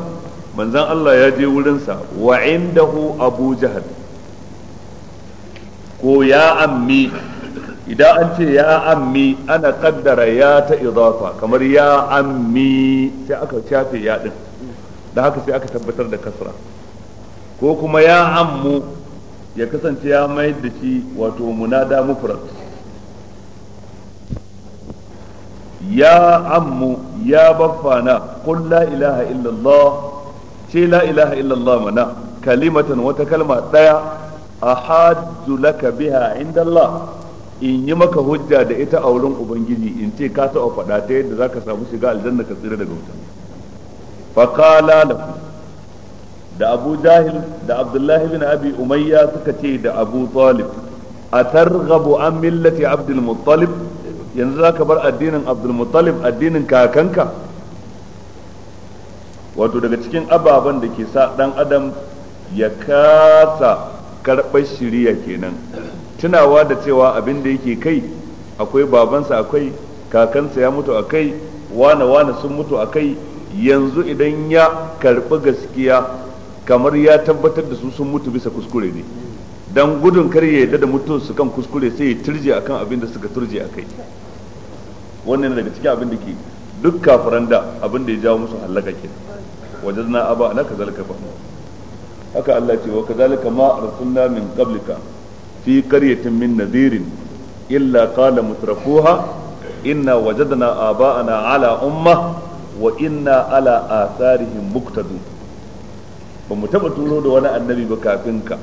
manzon Allah ya je wurinsa wa indahu abu ko ya ammi idan an ce ya ammi ana kaddara ya ta idafa kamar ya ammi sai aka shafe ya din da haka sai aka tabbatar da kasra ko kuma ya ammu ya kasance ya mayar da shi wato munada mufrad ya ammu ya baffana qul la ilaha illallah ce la ilaha illallah mana kalimatan wata kalma daya ahajju laka biha inda Allah in yi maka hujja da ita a wurin ubangiji in ce ka taɓa faɗa ta yadda zaka samu shiga aljanna ka tsira daga wuta faqala lahu da Abu Jahil da abdullahi bin Abi Umayya suka ce da Abu Talib atarghabu an millati Abdul Muttalib yanzu zaka bar addinin Abdul Muttalib addinin kakanka wato daga cikin ababen da ke sa dan adam ya kasa karɓar shiriya kenan tunawa da cewa abin da yake kai akwai babansa akwai kakansa ya mutu akai wane wane sun mutu akai yanzu idan ya karɓi gaskiya kamar ya tabbatar da su sun mutu bisa kuskure ne dan gudun kar ya yarda da mutum su kan kuskure sai ya turje akan abin da suka turje akai wannan daga cikin abin da ke duk kafiran abin da ya jawo musu halaka kenan na aba na kazalika fa haka Allah ce wa kazalika ma arsalna min qablika fi qaryatin min nadirin illa qala mutrafuha inna wajadna aba'ana ala umma wa inna ala atharihim muqtadun ba mu taba turo da wani annabi ba kafin ka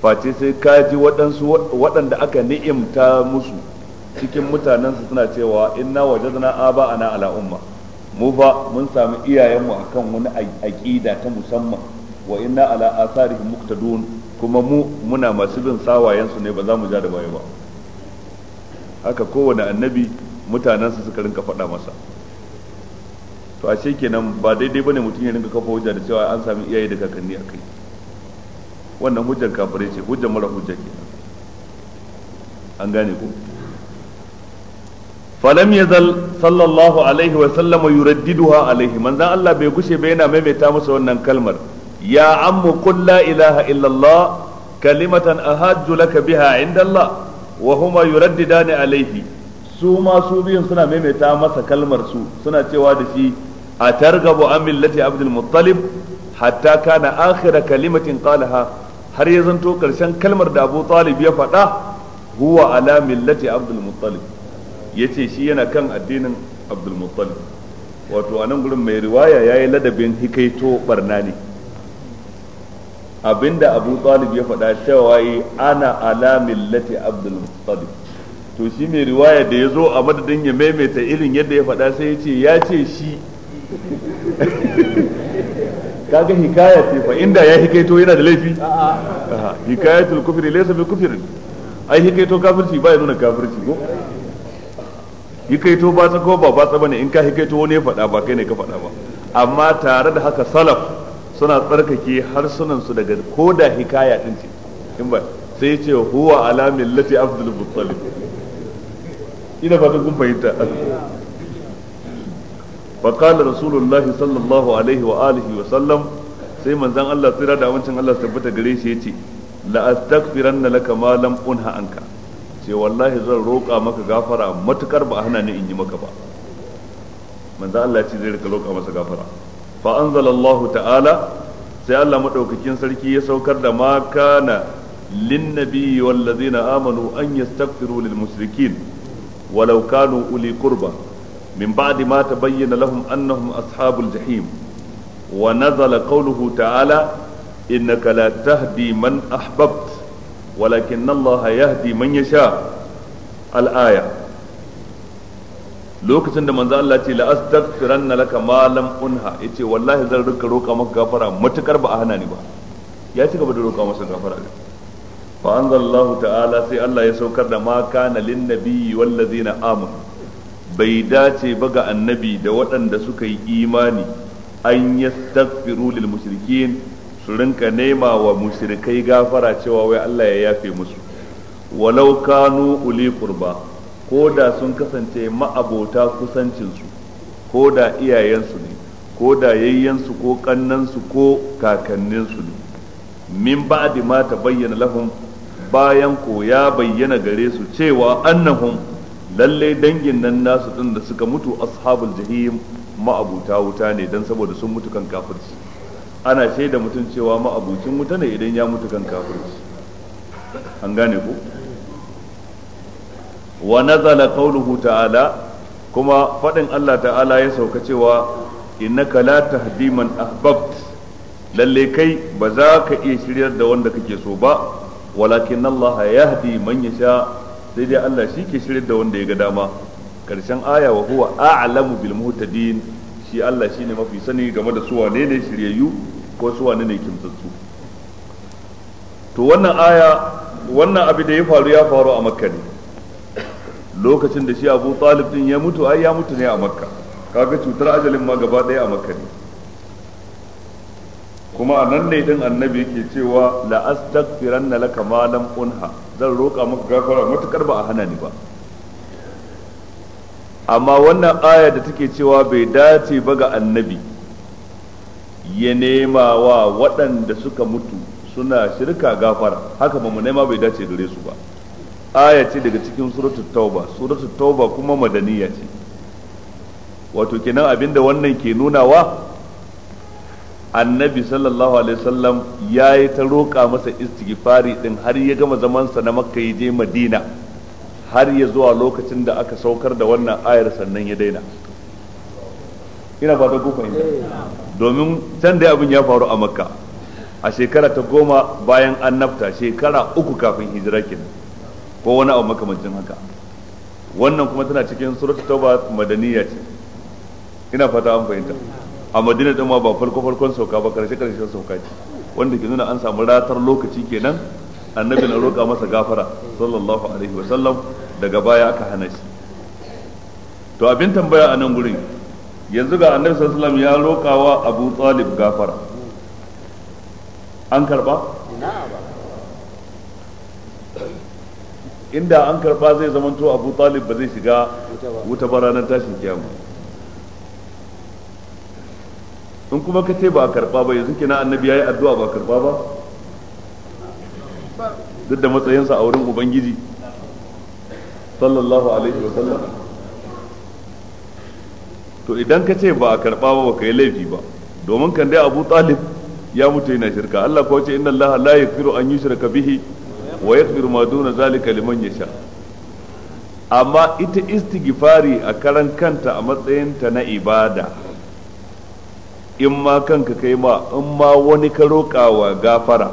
face sai ka ji waɗansu waɗanda aka ni'imta musu cikin mutanensu suna cewa inna wajadna aba'ana ala umma mu fa mun samu iyayenmu akan wani aqida ta musamman wa inna ala asarihim muqtadun kuma mu muna masu bin sawayen su ne ba za mu ja da baya ba haka kowane annabi mutanensa suka rinka faɗa masa to ashe kenan ba daidai bane mutum ya rinka kafa hujja da cewa an sami iyaye da kakanni a kai wannan hujjar kafirai ce hujjar mara hujja kenan an gane ko falam yazal sallallahu alaihi wa sallama yuraddiduha alaihi manzon Allah bai gushe ba yana maimaita masa wannan kalmar ya ammu qul la ilaha illallah kalimatan ahajju laka biha inda Allah wa huma yuraddidani alayhi su ma su biyun suna maimaita masa kalmar su suna cewa da shi a targabu an millati abdul muttalib hatta kana akhira kalimatin qalaha har ya zanto karshen kalmar da Abu Talib ya faɗa huwa ala millati abdul muttalib yace shi yana kan addinin abdul muttalib wato anan gurin mai riwaya yayi ladabin hikaito barna ne abinda abu talib ya faɗa cewa yi ana ala millati abdul muttalib to shi mai riwaya da ya zo a madadin ya maimaita irin yadda ya faɗa sai ya ce ya ce shi kaga hikaya ce fa inda ya hikaito yana da laifi hikayatul kufri laysa bi kufrin ai hikaito kafirci ba ya nuna kafirci ko hikaito ba ta ko ba ba ta bane in ka hikaito wani ya faɗa ba kai ne ka faɗa ba amma tare da haka salaf suna tsarkake harsunansu daga koda hikaya din ce in ba sai ce huwa ala millati abdul muttalib ina fatan kun fahimta fa qala rasulullahi sallallahu alaihi wa alihi wa sallam sai manzon Allah tsira da amincin Allah tabbata gare shi yace la astaghfiranna laka ma lam unha anka ce wallahi zan roƙa maka gafara matukar ba hana ni in yi maka ba manzon Allah ya ce zai rika roƙa masa gafara fa anzalallahu ta'ala sai Allah madaukakin sarki ya saukar da ma kana linnabiyyi wallazina amanu an yastaghfiru lil mushrikin walau kanu uli kurba min ba'adi ma ta bayyana lahum annahum ashabul jahim wa nazala qawluhu ta'ala innaka la tahdi man ahbabta walakin Allah yahdi man yasha al-aya lokacin da manzo Allah ce la astaghfiranna laka ma lam unha yace wallahi zan rinka roƙa maka gafara matukar ba a hana ni ba ya ci gaba da roka masa gafara ne fa anzalallahu ta'ala sai Allah ya saukar da ma kana lin nabiyyi wal ladina amanu bai dace ba ga annabi da waɗanda suka yi imani an yastaghfiru lil mushrikeen su rinka nema wa mushrikai gafara cewa wai Allah ya yafe musu walau kanu uli qurba ko da sun kasance ma'abota kusancinsu ko da iyayensu ne ko da yayyensu ko kannansu ko kakanninsu ne min ba'di ma bayyana lahum bayan ko ya bayyana gare su cewa annahum lallai dangin nan nasu din da suka mutu ashabul jahim ma'abuta wuta ne dan saboda sun mutu kan kafirci ana shaida mutum cewa ma'abucin wuta ne idan ya mutu kan kafirci an gane ko wa nazala qawluhu ta'ala kuma faɗin Allah ta'ala ya sauka cewa innaka la tahdi man ahbabt lalle kai ba za ka iya shiryar da wanda kake so ba walakin Allah yahdi man yasha sai dai Allah shi ke shiryar da wanda ya ga dama karshen aya wa huwa a'lamu bil muhtadin shi Allah shine mafi sani game da su wane ne shiryayyu ko su wane ne kimtsatsu to wannan aya wannan abu da ya faru ya faru a Makka ne lokacin da shi abu talib din ya mutu ai ya mutu ne a makka kaga cutar ajalin ma gaba ɗaya a makka ne kuma a nan ne din annabi yake cewa la astaghfiranna laka ma lam unha zan roƙa maka gafara matukar ba a hana ni ba amma wannan aya da take cewa bai dace ba ga annabi ya nema wa waɗanda suka mutu suna shirka gafara haka ba mu nema bai dace gare su ba aya ce daga cikin suratul tauba suratul tauba kuma madaniya ce wato kenan abinda wannan ke nuna wa annabi sallallahu alaihi wasallam ya yi ta roƙa masa istighfari din har ya gama zamansa na makka ya je madina har ya zuwa lokacin da aka saukar da wannan ayar sannan ya daina ina domin can dai abin ya faru a makka a shekara ta goma bayan annabta shekara uku kafin hijira kenan ko wani abu makamancin haka wannan kuma tana cikin suratul tauba madaniya ce ina fata an fahimta a madina din ma ba farko farkon sauka ba karshe karshen sauka ce wanda ke nuna an samu ratar lokaci kenan annabi na roƙa masa gafara sallallahu alaihi wasallam daga baya aka hana shi to abin tambaya a nan gurin yanzu ga annabi sallallahu alaihi wasallam ya roƙa wa abu talib gafara an karba inda an karba zai to abu talib ba zai shiga wuta ba ranar tashin kiyama in kuma ka ce ba a karba ba yanzu kina annabi yayi addu'a ba karba ba duk da matsayinsa a wurin ubangiji sallallahu alaihi wa sallam to idan ka ce ba a karba ba ka yi laifi ba domin kan dai abu talib ya mutu yana shirka Allah ko ce inna Allah la yaghfiru an yushraka bihi wa yaqdiru ma duna zalika liman yasha amma ita istighfari a karan kanta a matsayin ta na ibada in ma kanka kai ma in ma wani ka roƙawa gafara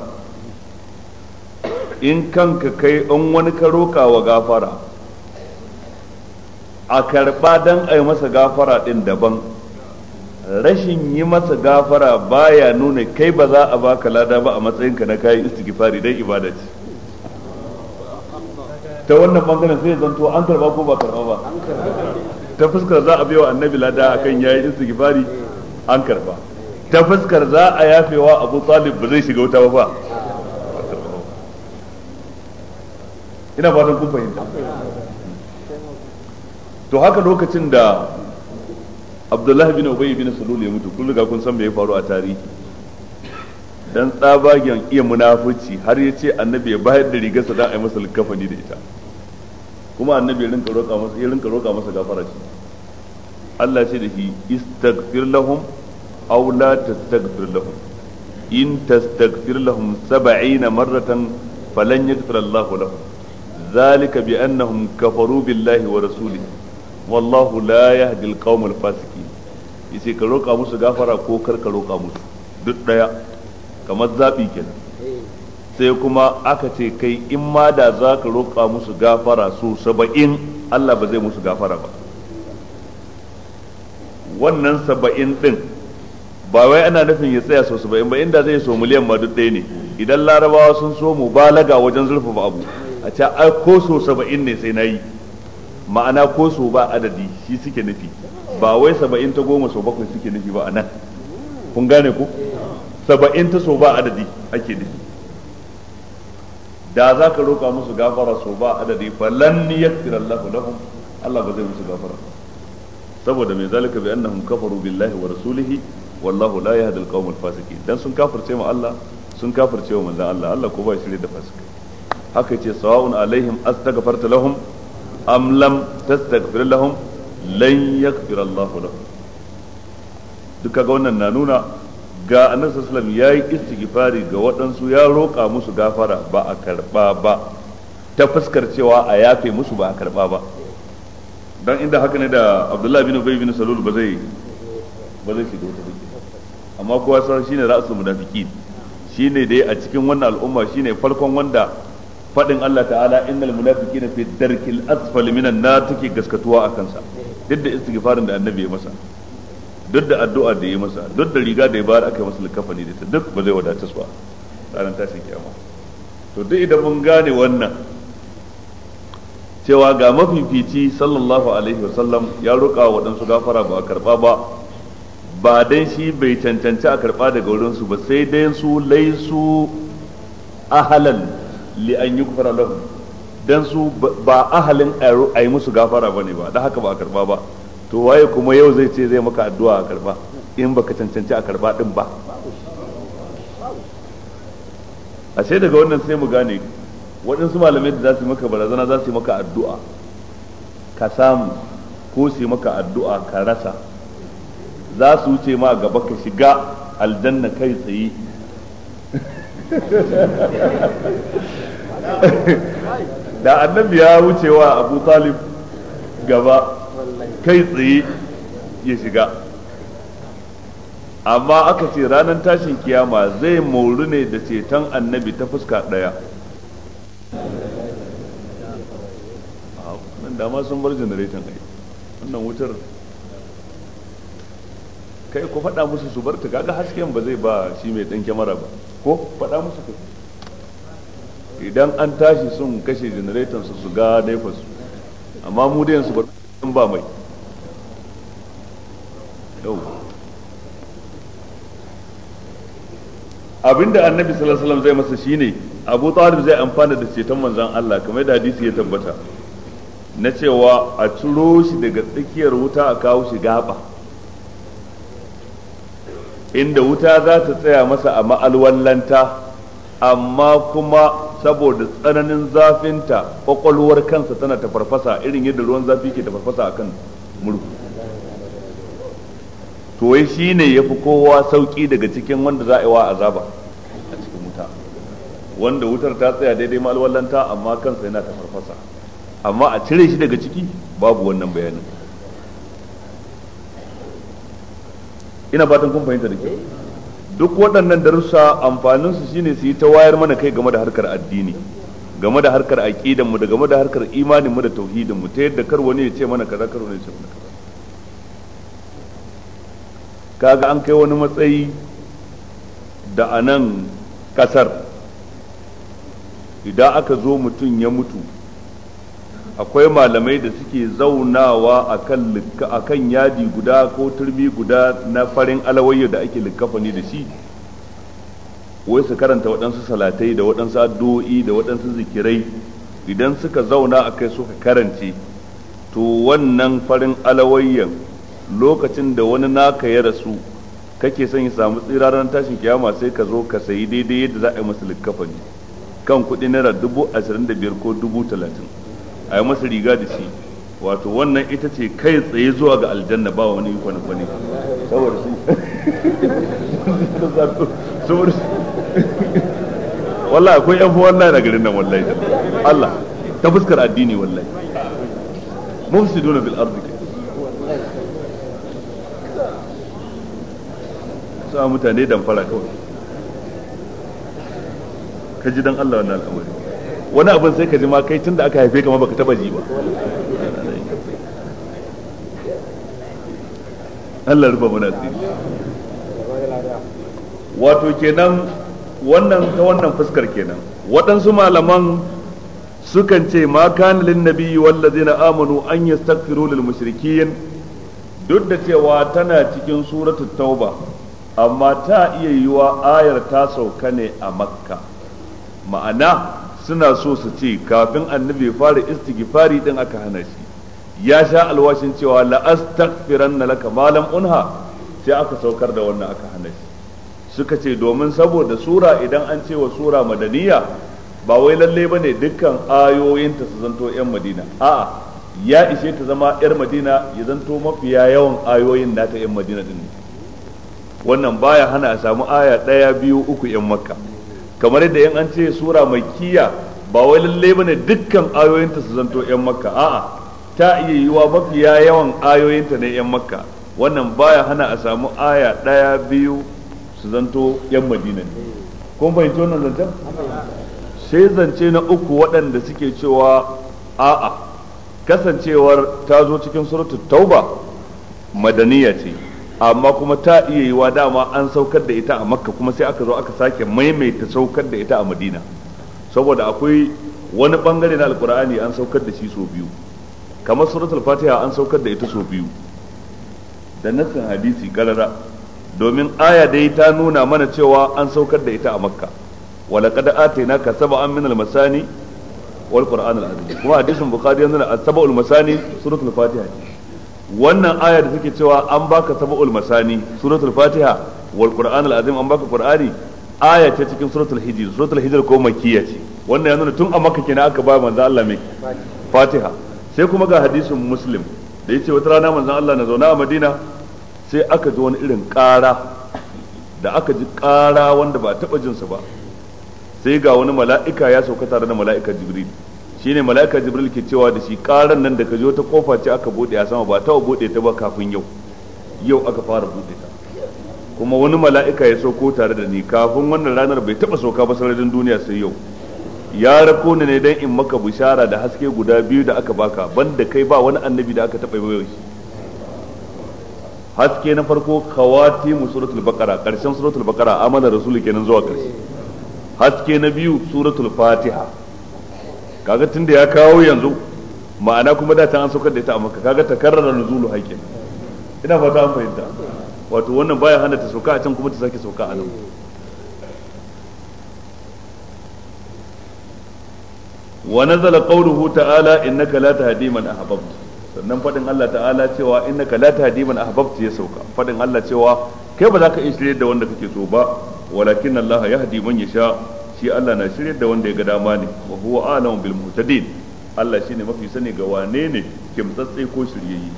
in kanka kai in wani ka roƙawa gafara a karɓa don a yi masa gafara ɗin daban rashin yi masa gafara baya nuna kai ba za a baka lada ba a matsayinka na kayan istighfari dai ibada ce ta wannan bangaren sai zanto an karba ko ba karba ba ta fuskar za a biyo annabi lada akan yayi istighfari an karba ta fuskar za a yafewa Abu Talib ba zai shiga wuta ba ba ina fatan kun fahimta to haka lokacin da Abdullahi bin Ubay bin Salul ya mutu kun riga kun san me ya faru a tarihi dan tsabagen iya munafurci har ya ce annabi ya bayar da rigarsa za a yi masa likafani da ita kuma annabi ya rinka roƙa masa ya rinka roƙa masa gafara shi Allah ce da shi istaghfir lahum aw la tastaghfir lahum in tastaghfir lahum 70 marratan falan yaghfir Allah lahum zalika bi annahum kafaru billahi wa rasulihi wallahu la yahdi al-qawm al-fasiqin yace ka roƙa musu gafara ko kar ka roƙa musu duk daya kamar zaɓi kenan sai kuma aka ce kai in ma da za ka roƙa musu gafara su saba'in Allah ba zai musu gafara ba wannan saba'in ɗin ba wai ana nufin ya tsaya sau saba'in ba inda zai so miliyan ma duk ɗaya ne idan larabawa sun so mu balaga wajen zurfafa abu a ce ai ko so saba'in ne sai na yi ma'ana ko so ba adadi shi suke nufi ba wai saba'in ta goma sau bakwai suke nufi ba a nan kun gane ku saba'in ta so ba adadi ake nufi da za ka roƙa musu gafara so ba adadi falan ni yakfir Allahu lahum Allah ba zai musu gafara saboda mai zalika bi annahum kafaru billahi wa rasulihi wallahu la yahdi al-qawm al-fasiqin dan sun kafirce mu Allah sun kafirce wa manzon Allah Allah ko ba shi da fasikai haka ce sawa'un alaihim astaghfarta lahum am lam tastaghfir lahum lan yakfir Allahu lahum duka ga wannan na nuna ga annabi sallallahu alaihi wasallam yayi istighfari ga waɗansu ya roƙa musu gafara ba a karba ba ta fuskar cewa a yafe musu ba a karba ba dan inda haka ne da Abdullahi bin Ubay bin Salul ba zai ba zai shiga wata biki amma kowa san shine ra'sul munafiqin shine dai a cikin wannan al'umma shine farkon wanda fadin Allah ta'ala innal munafiqina fi darkil asfali minan nar take gaskatuwa akan sa duk da istighfarin da annabi ya masa duk da addu'a da yi masa duk da riga da ya bayar aka yi masa likafani da ta duk ba zai wadata su ba ranar tashin kiyama to duk idan mun gane wannan cewa ga mafifici sallallahu alaihi wa sallam ya roƙa waɗansu gafara ba a karɓa ba ba dan shi bai cancanci a karɓa daga wurinsu ba sai dai su laisu ahalan li an yi kufara lahum dan su ba ahalin a yi musu gafara bane ba da haka ba a karɓa ba to waye kuma yau zai ce zai maka addu'a a karba in baka cancanci a karba din ba a sai daga wannan sai mu gane waɗansu malamai da za su maka barazana za su maka addu'a ka samu ko su maka addu'a ka rasa za su wuce ma gaba ka shiga aljanna kai tsaye da annabi ya wuce wa abu talib gaba kai tsaye ya shiga amma aka ce ranar tashin kiyama zai moru ne da ceton annabi ta fuska ɗaya nan dama sun bar janareton ai wannan wutar kai ku faɗa musu su bar ta kaga hasken ba zai ba shi mai ɗan kyamara ba ko faɗa musu ku idan an tashi sun kashe janareton su su ga daifa su amma mu su bar ba mai yau abinda annabi sallallahu alaihi wasallam zai masa shine abu talib zai amfana da ceton manzon Allah kamar da hadisi ya tabbata na cewa a ciro shi daga tsakiyar wuta a kawo shi gaba inda wuta za ta tsaya masa a ma'alwallanta amma kuma saboda tsananin zafinta kwakwalwar kansa tana ta irin yadda ruwan zafi ke ta akan murhu to wai shine yafi kowa sauki daga cikin wanda za a yi wa azaba a cikin wuta wanda wutar ta tsaya daidai malwallanta amma kansa yana ta farfasa amma a cire shi daga ciki babu wannan bayanin ina fatan kun fahimta da kyau duk waɗannan darussa amfaninsu shine su yi ta wayar mana kai game da harkar addini game da harkar aƙidanmu da game da harkar imaninmu da tauhidinmu ta yadda kar wani ya ce mana kaza kar wani ya ce mana kaza kaga an kai wani matsayi da a nan kasar idan aka zo mutum ya mutu akwai malamai da suke zaunawa a kan yadi guda ko turbi guda na farin alawayyo da ake likkafani da shi wai su karanta waɗansu salatai da waɗansu addu'o'i da waɗansu zikirai idan suka zauna a kai suka karance to wannan farin alawayyan lokacin da wani naka ya rasu kake son ya samu tsira ran tashin kiyama sai ka zo ka sayi daidai yadda za a yi masa ne kan kuɗi naira dubu ashirin da biyar ko dubu talatin a yi masa riga da shi wato wannan ita ce kai tsaye zuwa ga aljanna ba wani kwane-kwane saboda su wallahi akwai yan wallahi na garin nan wallahi Allah ta fuskar addini wallahi mufsiduna bil ardi sa mutane fara kawai ka ji dan Allah wannan al'amari wani abin sai ka ji ma kai tun da aka haife ka ma baka taba ji ba Allah ruba mana asiri wato kenan wannan ta wannan fuskar kenan waɗansu malaman sukan ce ma kana lin nabiyyi na amanu an yastaghfiru lil mushrikin duk da cewa tana cikin suratul tauba amma ta iya yiwa ayar ta sauka ne a makka ma'ana suna so su ce kafin annabi fara istighfari din aka hana shi ya sha alwashin cewa la astaghfiran laka malam unha sai aka saukar da wannan aka hana shi suka ce domin saboda sura idan an ce wa sura madaniya ba wai lalle bane dukkan ayoyinta su zanto yan madina a'a ya ishe ta zama yar madina ya zanto mafiya yawan ayoyin nata yan madina din wannan baya hana a samu aya ɗaya biyu uku yan makka kamar yadda yan an ce sura makkiya ba wai lalle bane dukkan ayoyinta su zanto yan makka a'a ta iya yiwa mafiya yawan ayoyinta ne yan makka wannan baya hana a samu aya ɗaya biyu su zanto yan madina ne kun fahimci wannan zancen sai zance na uku waɗanda suke cewa a'a kasancewar ta zo cikin suratul tauba madaniya ce amma kuma ta iya yiwa dama an saukar da ita a makka kuma sai aka zo aka sake maimaita saukar da ita a madina saboda akwai wani bangare na alkur'ani an saukar da shi sau biyu kamar suratul fatiha an saukar da ita sau biyu da nassin hadisi karara domin aya dai ta nuna mana cewa an saukar da ita a makka wala atayna ka sab'an min al-masani wal qur'an al kuma hadisin bukhari yana da sab'ul masani suratul fatiha wannan aya da suke cewa an baka sab'ul masani suratul fatiha wal qur'an al azim an baka qur'ani aya ce cikin suratul hijr suratul hijr ko makkiya ce wannan ya nuna tun a makka kenan aka ba manzo Allah mai fatiha sai kuma ga hadisin muslim da yace wata rana manzo Allah na zauna a madina sai aka ji wani irin ƙara da aka ji ƙara wanda ba a taɓa jinsa ba sai ga wani mala'ika ya sauka tare da mala'ikar jibril shine mala'ika jibril ke cewa da shi karan nan da ka zo ta kofa ce aka bude a sama ba ta bude ta ba kafin yau yau aka fara bude ta kuma wani mala'ika ya sauko tare da ni kafin wannan ranar bai taba sauka ba sararin duniya sai yau ya rako ni ne dan in maka bishara da haske guda biyu da aka baka banda kai ba wani annabi da aka taba yau shi haske na farko kawati mu suratul baqara karshen suratul baqara amana rasul kenan zuwa karshe haske na biyu suratul fatiha kaga tun da ya kawo yanzu ma'ana kuma da ta an saukar da ita a makka kaga karrara nuzulu haƙin ina fata an fahimta wato wannan baya hana ta sauka a can kuma ta sake sauka a nan wa nazala qawluhu ta'ala innaka la tahdi man ahbabta sannan fadin Allah ta'ala cewa innaka la tahdi man ahbabta ya sauka fadin Allah cewa kai ba za ka iya shirye da wanda kake so ba walakin Allah yahdi man yasha shi Allah na shirye da wanda ya ga dama ne wa huwa alamu bil muhtadin Allah shine mafi sani ga wane ne kimtsatse ko shiryayye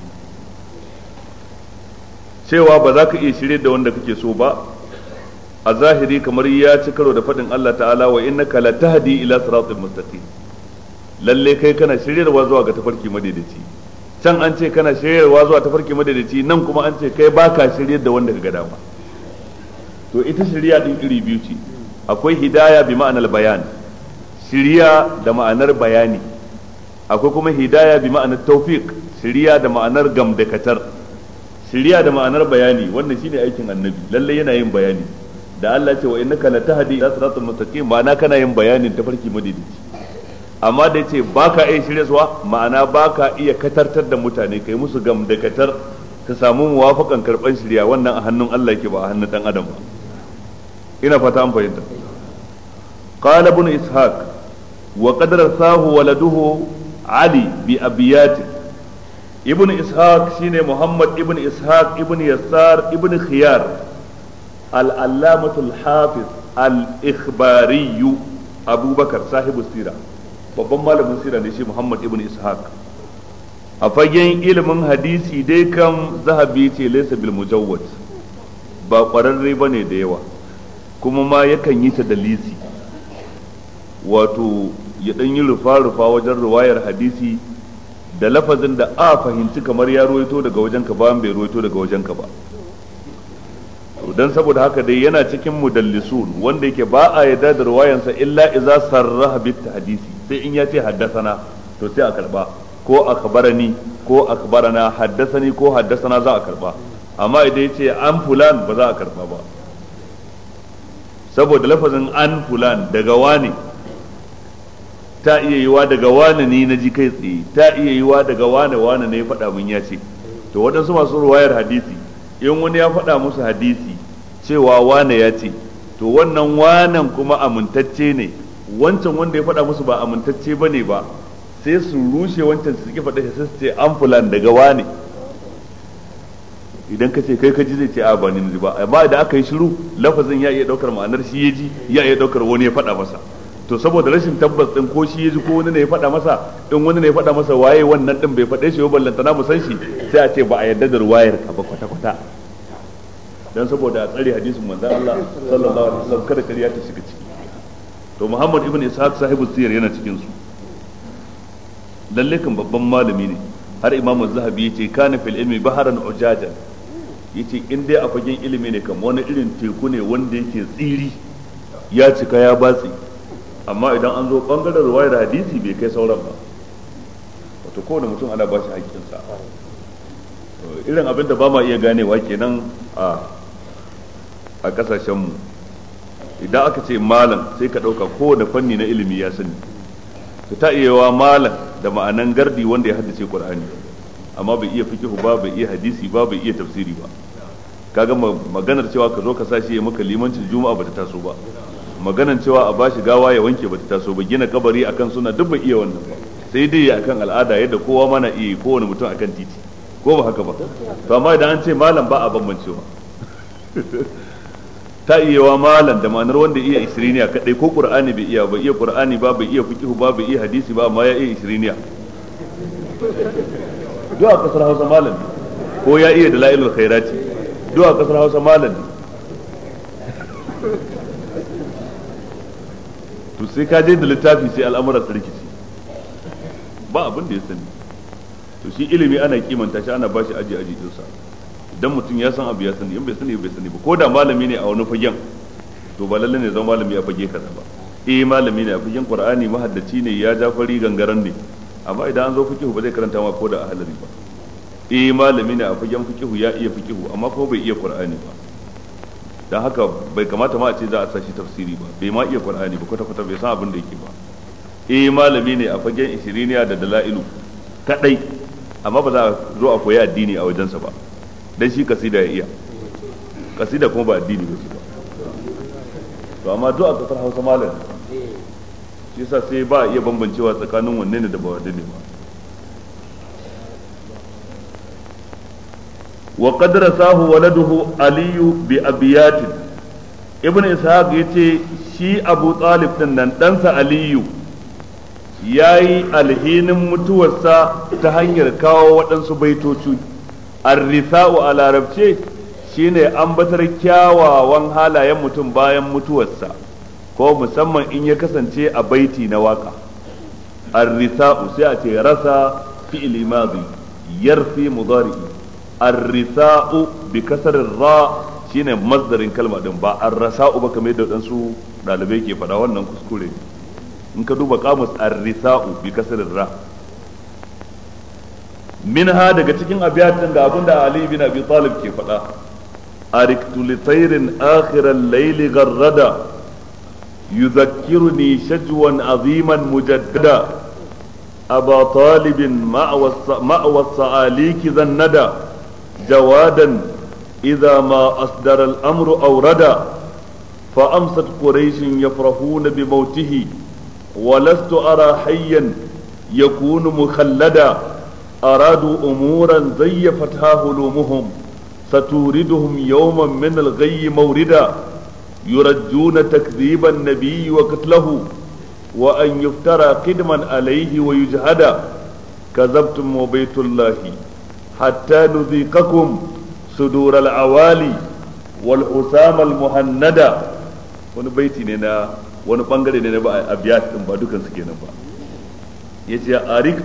cewa ba za ka iya shirye da wanda kake so ba a zahiri kamar ya ci karo da faɗin Allah ta'ala wa innaka la tahdi ila siratil mustaqim lalle kai kana shiryarwa zuwa ga tafarki madaidaici can an ce kana shiryarwa zuwa tafarki madaidaici nan kuma an ce kai baka shiryar da wanda ka ga dama to ita shirya din iri biyu ce akwai hidaya bi ma'anar bayan shiriya da ma'anar bayani akwai kuma hidaya bi ma'anar tawfiq shiriya da ma'anar gamdakatar shiriya da ma'anar bayani wannan shine aikin annabi lalle yana yin bayani da Allah ce wa innaka tahdi ila siratal mustaqim ma'ana kana yin bayanin tafarki madaidaici amma da yace baka iya shiryarwa ma'ana baka iya katartar da mutane kai musu gamdakatar ta samu muwafakan karban shirya wannan a hannun Allah ke ba a hannun dan adam ba ina fata an fahimta qala ibn ishaq wa qad rasahu ali bi ibn ishaq shine muhammad ibn ishaq ibn yassar ibn khiyar al-allamah hafiz al-ikhbari abubakar sahibu babban malamin sira ne shi muhammad ibn ishaq a fagen ilimin hadisi dai kan zahabi ce laysa bil mujawwad ba kwararre ne da yawa kuma ma yakan yi ta dalisi wato ya dan yi rufa-rufa wajen ruwayar hadisi da lafazin da a fahimci kamar ya ruwaito daga wajenka ba bai ruwaito daga wajenka ba don saboda haka dai yana cikin mudallisun wanda yake ba a yarda da ruwayansa illa iza sarraha bit hadisi sai in ya ce haddasana to sai a karba ko kabarani ko kabarana haddasani ko haddasana za a karba amma idan ya ce an fulan ba za a karba ba saboda lafazin an fulan daga wane ta iya yiwa daga wane ne na ji kai tsaye ta iya yiwa daga wane wane ne ya faɗa mun ya ce to waɗansu masu ruwayar hadisi in wani ya faɗa musu hadisi cewa wane ya ce to wannan wanan kuma amintacce ne wancan wanda ya faɗa musu ba amintacce ba ne ba sai su rushe wancan su suke faɗa sai su ce an fulan daga wane idan ka ce kai ka ji zai ce a ba ni ji ba amma idan aka yi shiru lafazin ya iya daukar ma'anar shi ya ji ya iya daukar wani ya faɗa masa to saboda rashin tabbas din ko shi ya ji ko wani ne ya faɗa masa in wani ne ya faɗa masa waye wannan din bai faɗe shi ba ballantana mu san shi sai a ce ba a yarda da ruwayar ka ba kwata kwata dan saboda a tsare hadisin manzo Allah sallallahu alaihi wasallam kada kariya ta shiga ciki to Muhammad ibn Ishaq sahibu sirr yana cikin su lalle kan babban malami ne har Imam zahabi yace kana fil ilmi baharan ujajan yace in dai a fagen ilimi ne kamar wani irin teku ne wanda yake tsiri ya cika ya batsi amma idan an zo bangaren ruwayar hadisi bai kai sauran ba wato kowane mutum ana ba shi haƙƙinsa irin abin da ba ma iya ganewa kenan a a ƙasashenmu idan aka ce malam sai ka ɗauka da fanni na ilimi ya sani ta iyawa yawa malam da ma'anan gardi wanda ya haddace ƙur'ani amma bai iya fikihu ba bai iya hadisi ba bai iya tafsiri ba kaga maganar cewa ka zo ka sashi ya maka limancin juma'a bata taso ba maganar cewa a bashi gawa ya wanke bata taso ba gina kabari akan suna duk bai iya wannan ba sai dai akan al'ada yadda kowa ma na iya kowane mutum akan titi ko ba haka ba to amma idan an ce malam ba a bambancewa ta iya wa malam da ma'anar wanda iya isriniya kadai ko qur'ani bai iya ba iya qur'ani ba bai iya fiqh ba bai iya hadisi ba amma ya iya isriniya duk a kasar Hausa malam ko ya iya da la'ilul khairati duk a kasar Hausa malami to sai ka je da littafi sai al'amura su rikici ba abin da ya sani to shi ilimi ana kimanta shi ana bashi aji aji dinsa idan mutum ya san abu ya sani in bai sani bai sani ba ko da malami ne a wani fagen to ba lalle ne zama malami a fage kaza ba eh malami ne a fagen qur'ani mahaddaci ne ya fari gangaren ne amma idan an zo fikihu ba zai karanta ma ko da ahalari ba eh malami ne a fagen fikihu ya iya fikihu amma kuma bai iya qur'ani ba dan haka bai kamata ma a ce za a sashi tafsiri ba bai ma iya qur'ani ba kwata kwata bai san abin da yake ba eh malami ne a fagen ishiriniya da dala'ilu kadai amma ba za a zo a koyi addini a wajensa ba dan shi kasida ya iya kasida kuma ba addini ba to amma duk a kasar Hausa malami shi yasa sai ba a iya bambancewa tsakanin wanne ne da ba wanne ne ba wa qad sahu waladuhu aliyu bi abiyatin ibnu ishaq yace shi abu talib din nan ɗansa aliyu yayi alhinin mutuwarsa ta hanyar kawo waɗansu baitoci arrisa'u a larabce shine ambatar kyawawan halayen mutum bayan mutuwarsa ko musamman in ya kasance a baiti na waka arrisa'u sai a ce rasa fi'li madi yarsi mudari arrisa'u bi kasarin ra shine masdarin kalma din ba arrasa'u ba kamar yadda su dalibai ke faɗa wannan kuskure in ka duba kamus arrisa'u bi kasarin ra minha daga cikin abiyatin da abinda Ali bin Abi Talib ke faɗa ariktu litairin akhiral layli garrada يذكرني شجوا عظيما مجددا أبا طالب مأوى السعاليك ذا الندى جوادا إذا ما أصدر الأمر أوردا فأمست قريش يفرحون بموته ولست أرى حيا يكون مخلدا أرادوا أمورا زيفتها هلومهم ستوردهم يوما من الغي موردا يرجون تكذيب النبي وقتله وأن يفترى قدما عليه ويجهد كذبتم وبيت الله حتى نذيقكم صدور العوالي والحسام المهندة wani baiti ne na wani bangare na ba a biya din ba dukan su kenan ba yace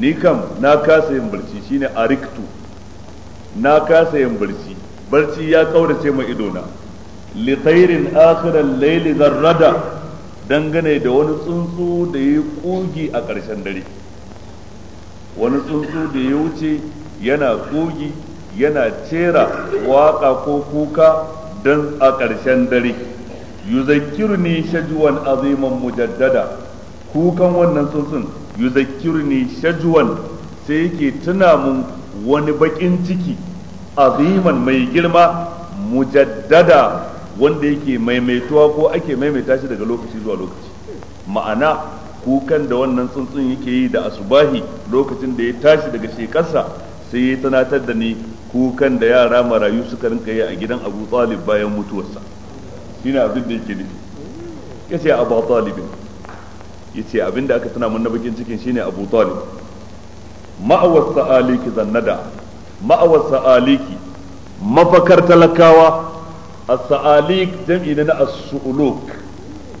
ni kam na kasa yin barci shine ariktu na kasa yin barci barci ya kaurace mai idona li tayrin akhiral rada zarrada dangane da wani tsuntsu da ya kogi a ƙarshen dare wani tsuntsu da ya wuce yana ƙugi, yana cera waka ko kuka dan a ƙarshen dare yuzakkirni shajwan aziman mujaddada kukan wannan tsuntsun yuzakkirni shajwan sai yake tuna mun wani bakin ciki aziman mai girma mujaddada wanda yake maimaituwa ko ake maimaita shi daga lokaci zuwa lokaci ma'ana kukan da wannan tsuntsun yake yi da asubahi lokacin da ya tashi daga shekarsa sai ya tanatar da ni kukan da yara marayu suka rinka yi a gidan abu talib bayan mutuwarsa shine abin da yake nufi yace abu talibin yace abin da aka tuna mun na bakin cikin shine abu talib ma'awar sa'ali zannada ma'awar sa'aliki mafakar talakawa A saalik jam'i na as-su'uluk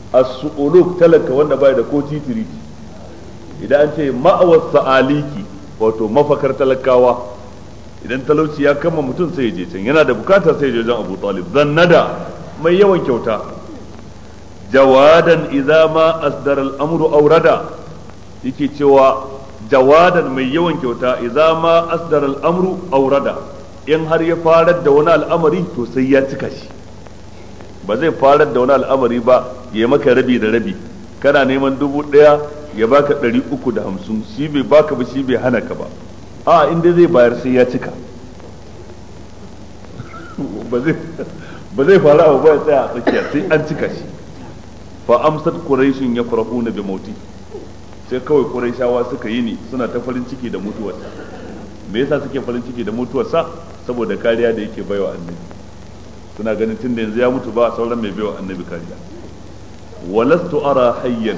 as-su'uluk talaka wanda bai da ko titiri idan an ce ma'awar sa'aliki wato mafakar talakawa idan talauci ya kama mutum sai je can yana da bukata sai je wajen Abu Talib zannada mai yawan kyauta jawadan idza ma asdara al-amru yake cewa jawadan mai yawan kyauta idza ma asdar al-amru aurada in har ya farar da wani al'amari to sai ya cika shi ba zai farar da wani al'amari ba ya maka rabi da rabi kana neman dubu ɗaya ya baka ɗari uku da hamsin shi bai baka ba shi bai hana ka ba a dai zai bayar sai ya cika ba zai fara abu ba ya tsaya a tsakiya sai an cika shi fa amsat quraishin yafrahuna bi mauti sai kawai shawa suka yi ni suna ta farin ciki da mutuwarsa me yasa suke farin ciki da mutuwarsa saboda kariya da yake baiwa annabi suna ganin da yanzu ya mutu ba sauran mai baiwa annabi kariya walastu ara hayyan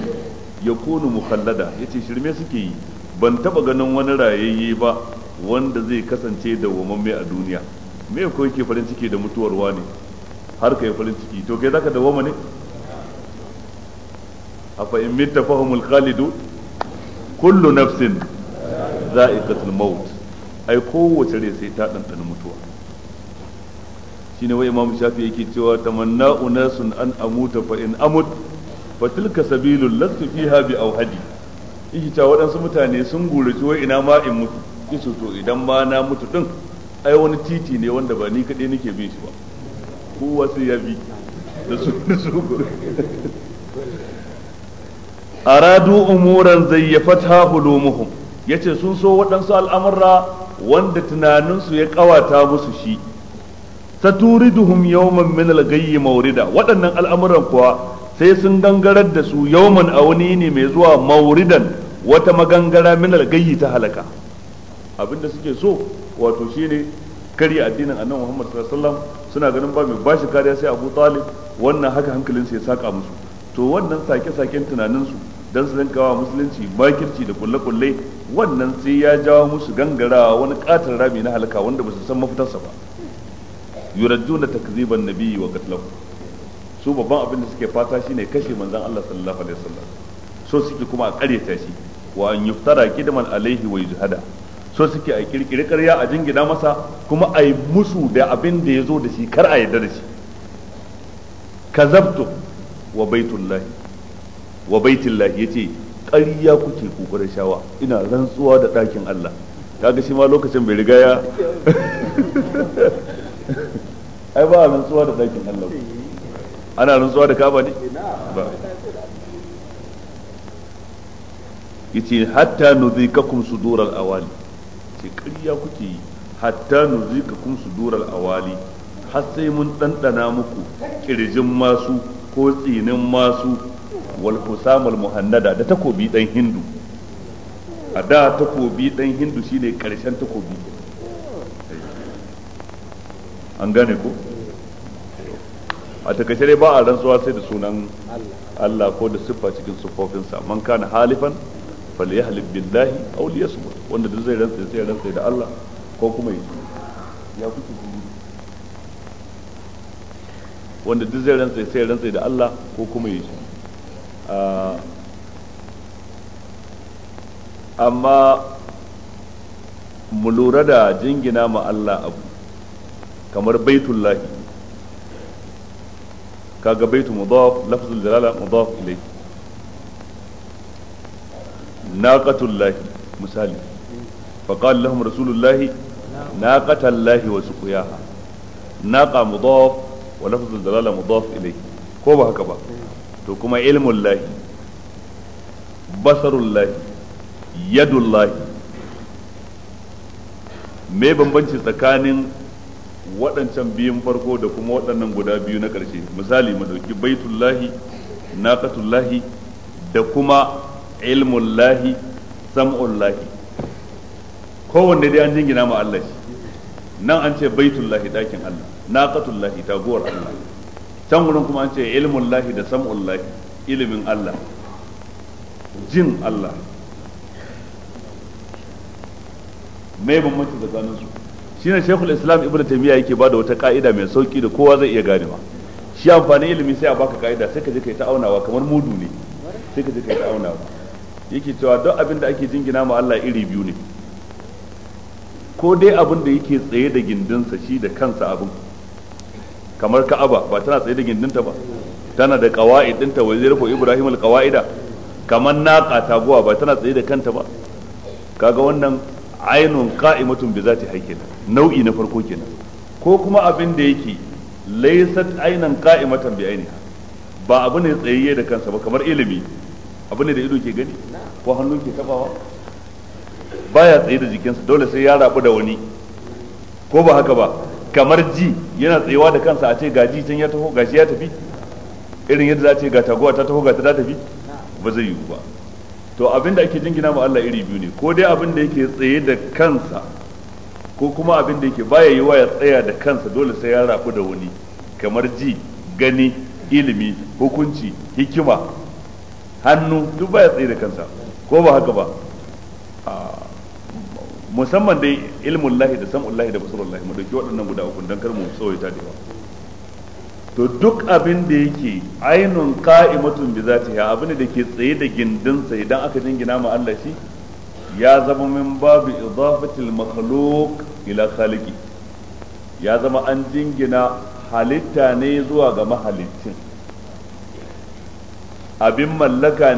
yakunu ya yace shirme suke yi ban taba ganin wani rayayye ba wanda zai kasance da wamamme a duniya me ko yake farin ciki da mutuwar wani har kai farin ciki to kai zaka wama ne afa in mitta fahumul khalidu kullu nafsin za'iqatul maut ai kowace rai sai ta ɗanɗana mutuwa shine wai imam shafi yake cewa tamanna unasun an amuta fa in amut fa tilka sabilul lastu fiha bi awhadi yake cewa waɗansu mutane sun gurace wai ina ma in mutu kisu to idan ma na mutu din ai wani titi ne wanda ba ni kaɗai nake bin shi ba kowa sai ya bi da su da su aradu umuran zayyafatha hulumuhum yace sun so waɗansu al'amurra wanda tunaninsu ya kawata musu shi saturiduhum yawman min gayyi maurida waɗannan al'amuran kuwa sai sun gangarar da su yawman a wani ne mai zuwa mauridan wata magangara min gayyi ta halaka abinda suke so wato shine karya addinin annabi Muhammad sallallahu alaihi wasallam suna ganin ba mai bashi kariya sai Abu Talib wannan haka hankalinsa ya saka musu to wannan sake-saken tunaninsu dan su rinka wa musulunci bakirci da kulle-kulle wannan sai ya jawo musu gangarawa wani katin rami na halaka wanda ba su san mafitarsa ba yurajjuna takziban nabiyyi wa qatlahu su babban abin da suke fata shine kashe manzon Allah sallallahu alaihi wasallam so suke kuma a karyata shi wa an yuftara kidman alaihi wa yuzhada so suke a kirkiri ƙarya a jingina masa kuma a yi musu da abin da ya zo da shi kar a yarda da shi kazabtu wa baitullahi wa baitin ya ce, ƙarya kuke kokarin shawa ina rantsuwa da ɗakin Allah kaga shi ma lokacin bai riga ya ai ba rantsuwa da ɗakin Allah ana rantsuwa da kaba ne ba yace hatta nuzikakum sudural awali ce ƙarya kuke yi hatta nuzikakum sudural awali har sai mun ɗanɗana muku ƙirjin masu ko tsinin masu wal al muhannada da takobi dan hindu a da takobi dan hindu shine karshen takobi an gane ko a takaice dai ba a rantsuwa sai da sunan Allah ko da siffa cikin siffofinsa man kana halifan falyahlib billahi aw liyasmut wanda duk zai rantsa sai rantsa da Allah ko kuma ya kuke wanda duk zai rantsa sai rantsa da Allah ko kuma ya Ah, amma mu lura da jingina ma Allah abu kamar baitullahi kaga baitu mudaf lafzul jalala mudaf ilayhi naqatullahi misali فقال لهم رسول الله ناقة الله وسقياها ناقة مضاف ولفظ الدلالة مضاف إليه كوبا هكذا to kuma ilmun lahi basarun lahi yadun lahi me bambanci tsakanin waɗancan biyun farko da kuma waɗannan guda biyu na ƙarshe misali mu ɗauki baitullahi naqatullahi da kuma sam'un sam'ullahi kowanne dai an jingina ma Allah shi nan an ce baitullahi ɗakin Allah naqatullahi taguwar Allah can gurin kuma an ce ilmun lahi da sam'un lahi ilimin Allah jin Allah mai bambanci zanen su shi ne shekul islam ibnu taimiyya yake bada wata ka'ida mai sauki da kowa zai iya ganewa shi amfani ilimi sai a baka ka'ida sai ka je kai ta aunawa kamar mudu ne sai ka je kai ta aunawa yake cewa duk abin da ake jingina ma Allah iri biyu ne ko dai abin da yake tsaye da gindinsa shi da kansa abin kamar ka'aba ba tana tsaye da gindinta ba tana da kawai dinta wa rufe ibrahim al da kamar naqa taguwa ba tana tsaye da kanta ba kaga wannan ainun qa'imatun bi zati hayyin nau'i na farko kenan ko kuma abin da yake laysat ainan qa'imatan bi ainiha ba abu ne tsayayye da kansa ba kamar ilimi abu ne da ido ke gani ko hannu ke tabawa baya tsaye da jikinsa dole sai ya rabu da wani ko ba haka ba kamar ji yana tsayawa da kansa a ce ga ji can ya taho ga shi ya tafi irin yadda za a ce ga taguwa ta taho ga ta tafi ba zai yiwu ba to abin da ake jingina ma Allah iri biyu ne ko dai abin da yake tsaye da kansa ko kuma abin da yake baya yiwa ya tsaya da kansa dole sai ya rafu da wani kamar ji gani ilimi hukunci hikima hannu duk baya tsaye da kansa ko ba haka ba ah. musamman dai ilmun lahi da sam'un lahi da basarun lahi mu dauki waɗannan guda uku dan kar mu tsawaita da yawa to duk abin da yake ainun qa'imatun bi zatiha abin da ke tsaye da gindinsa idan aka jingina ma Allah shi ya zama min babu idafatil makhluq ila khaliqi ya zama an jingina halitta ne zuwa ga mahalicin abin mallaka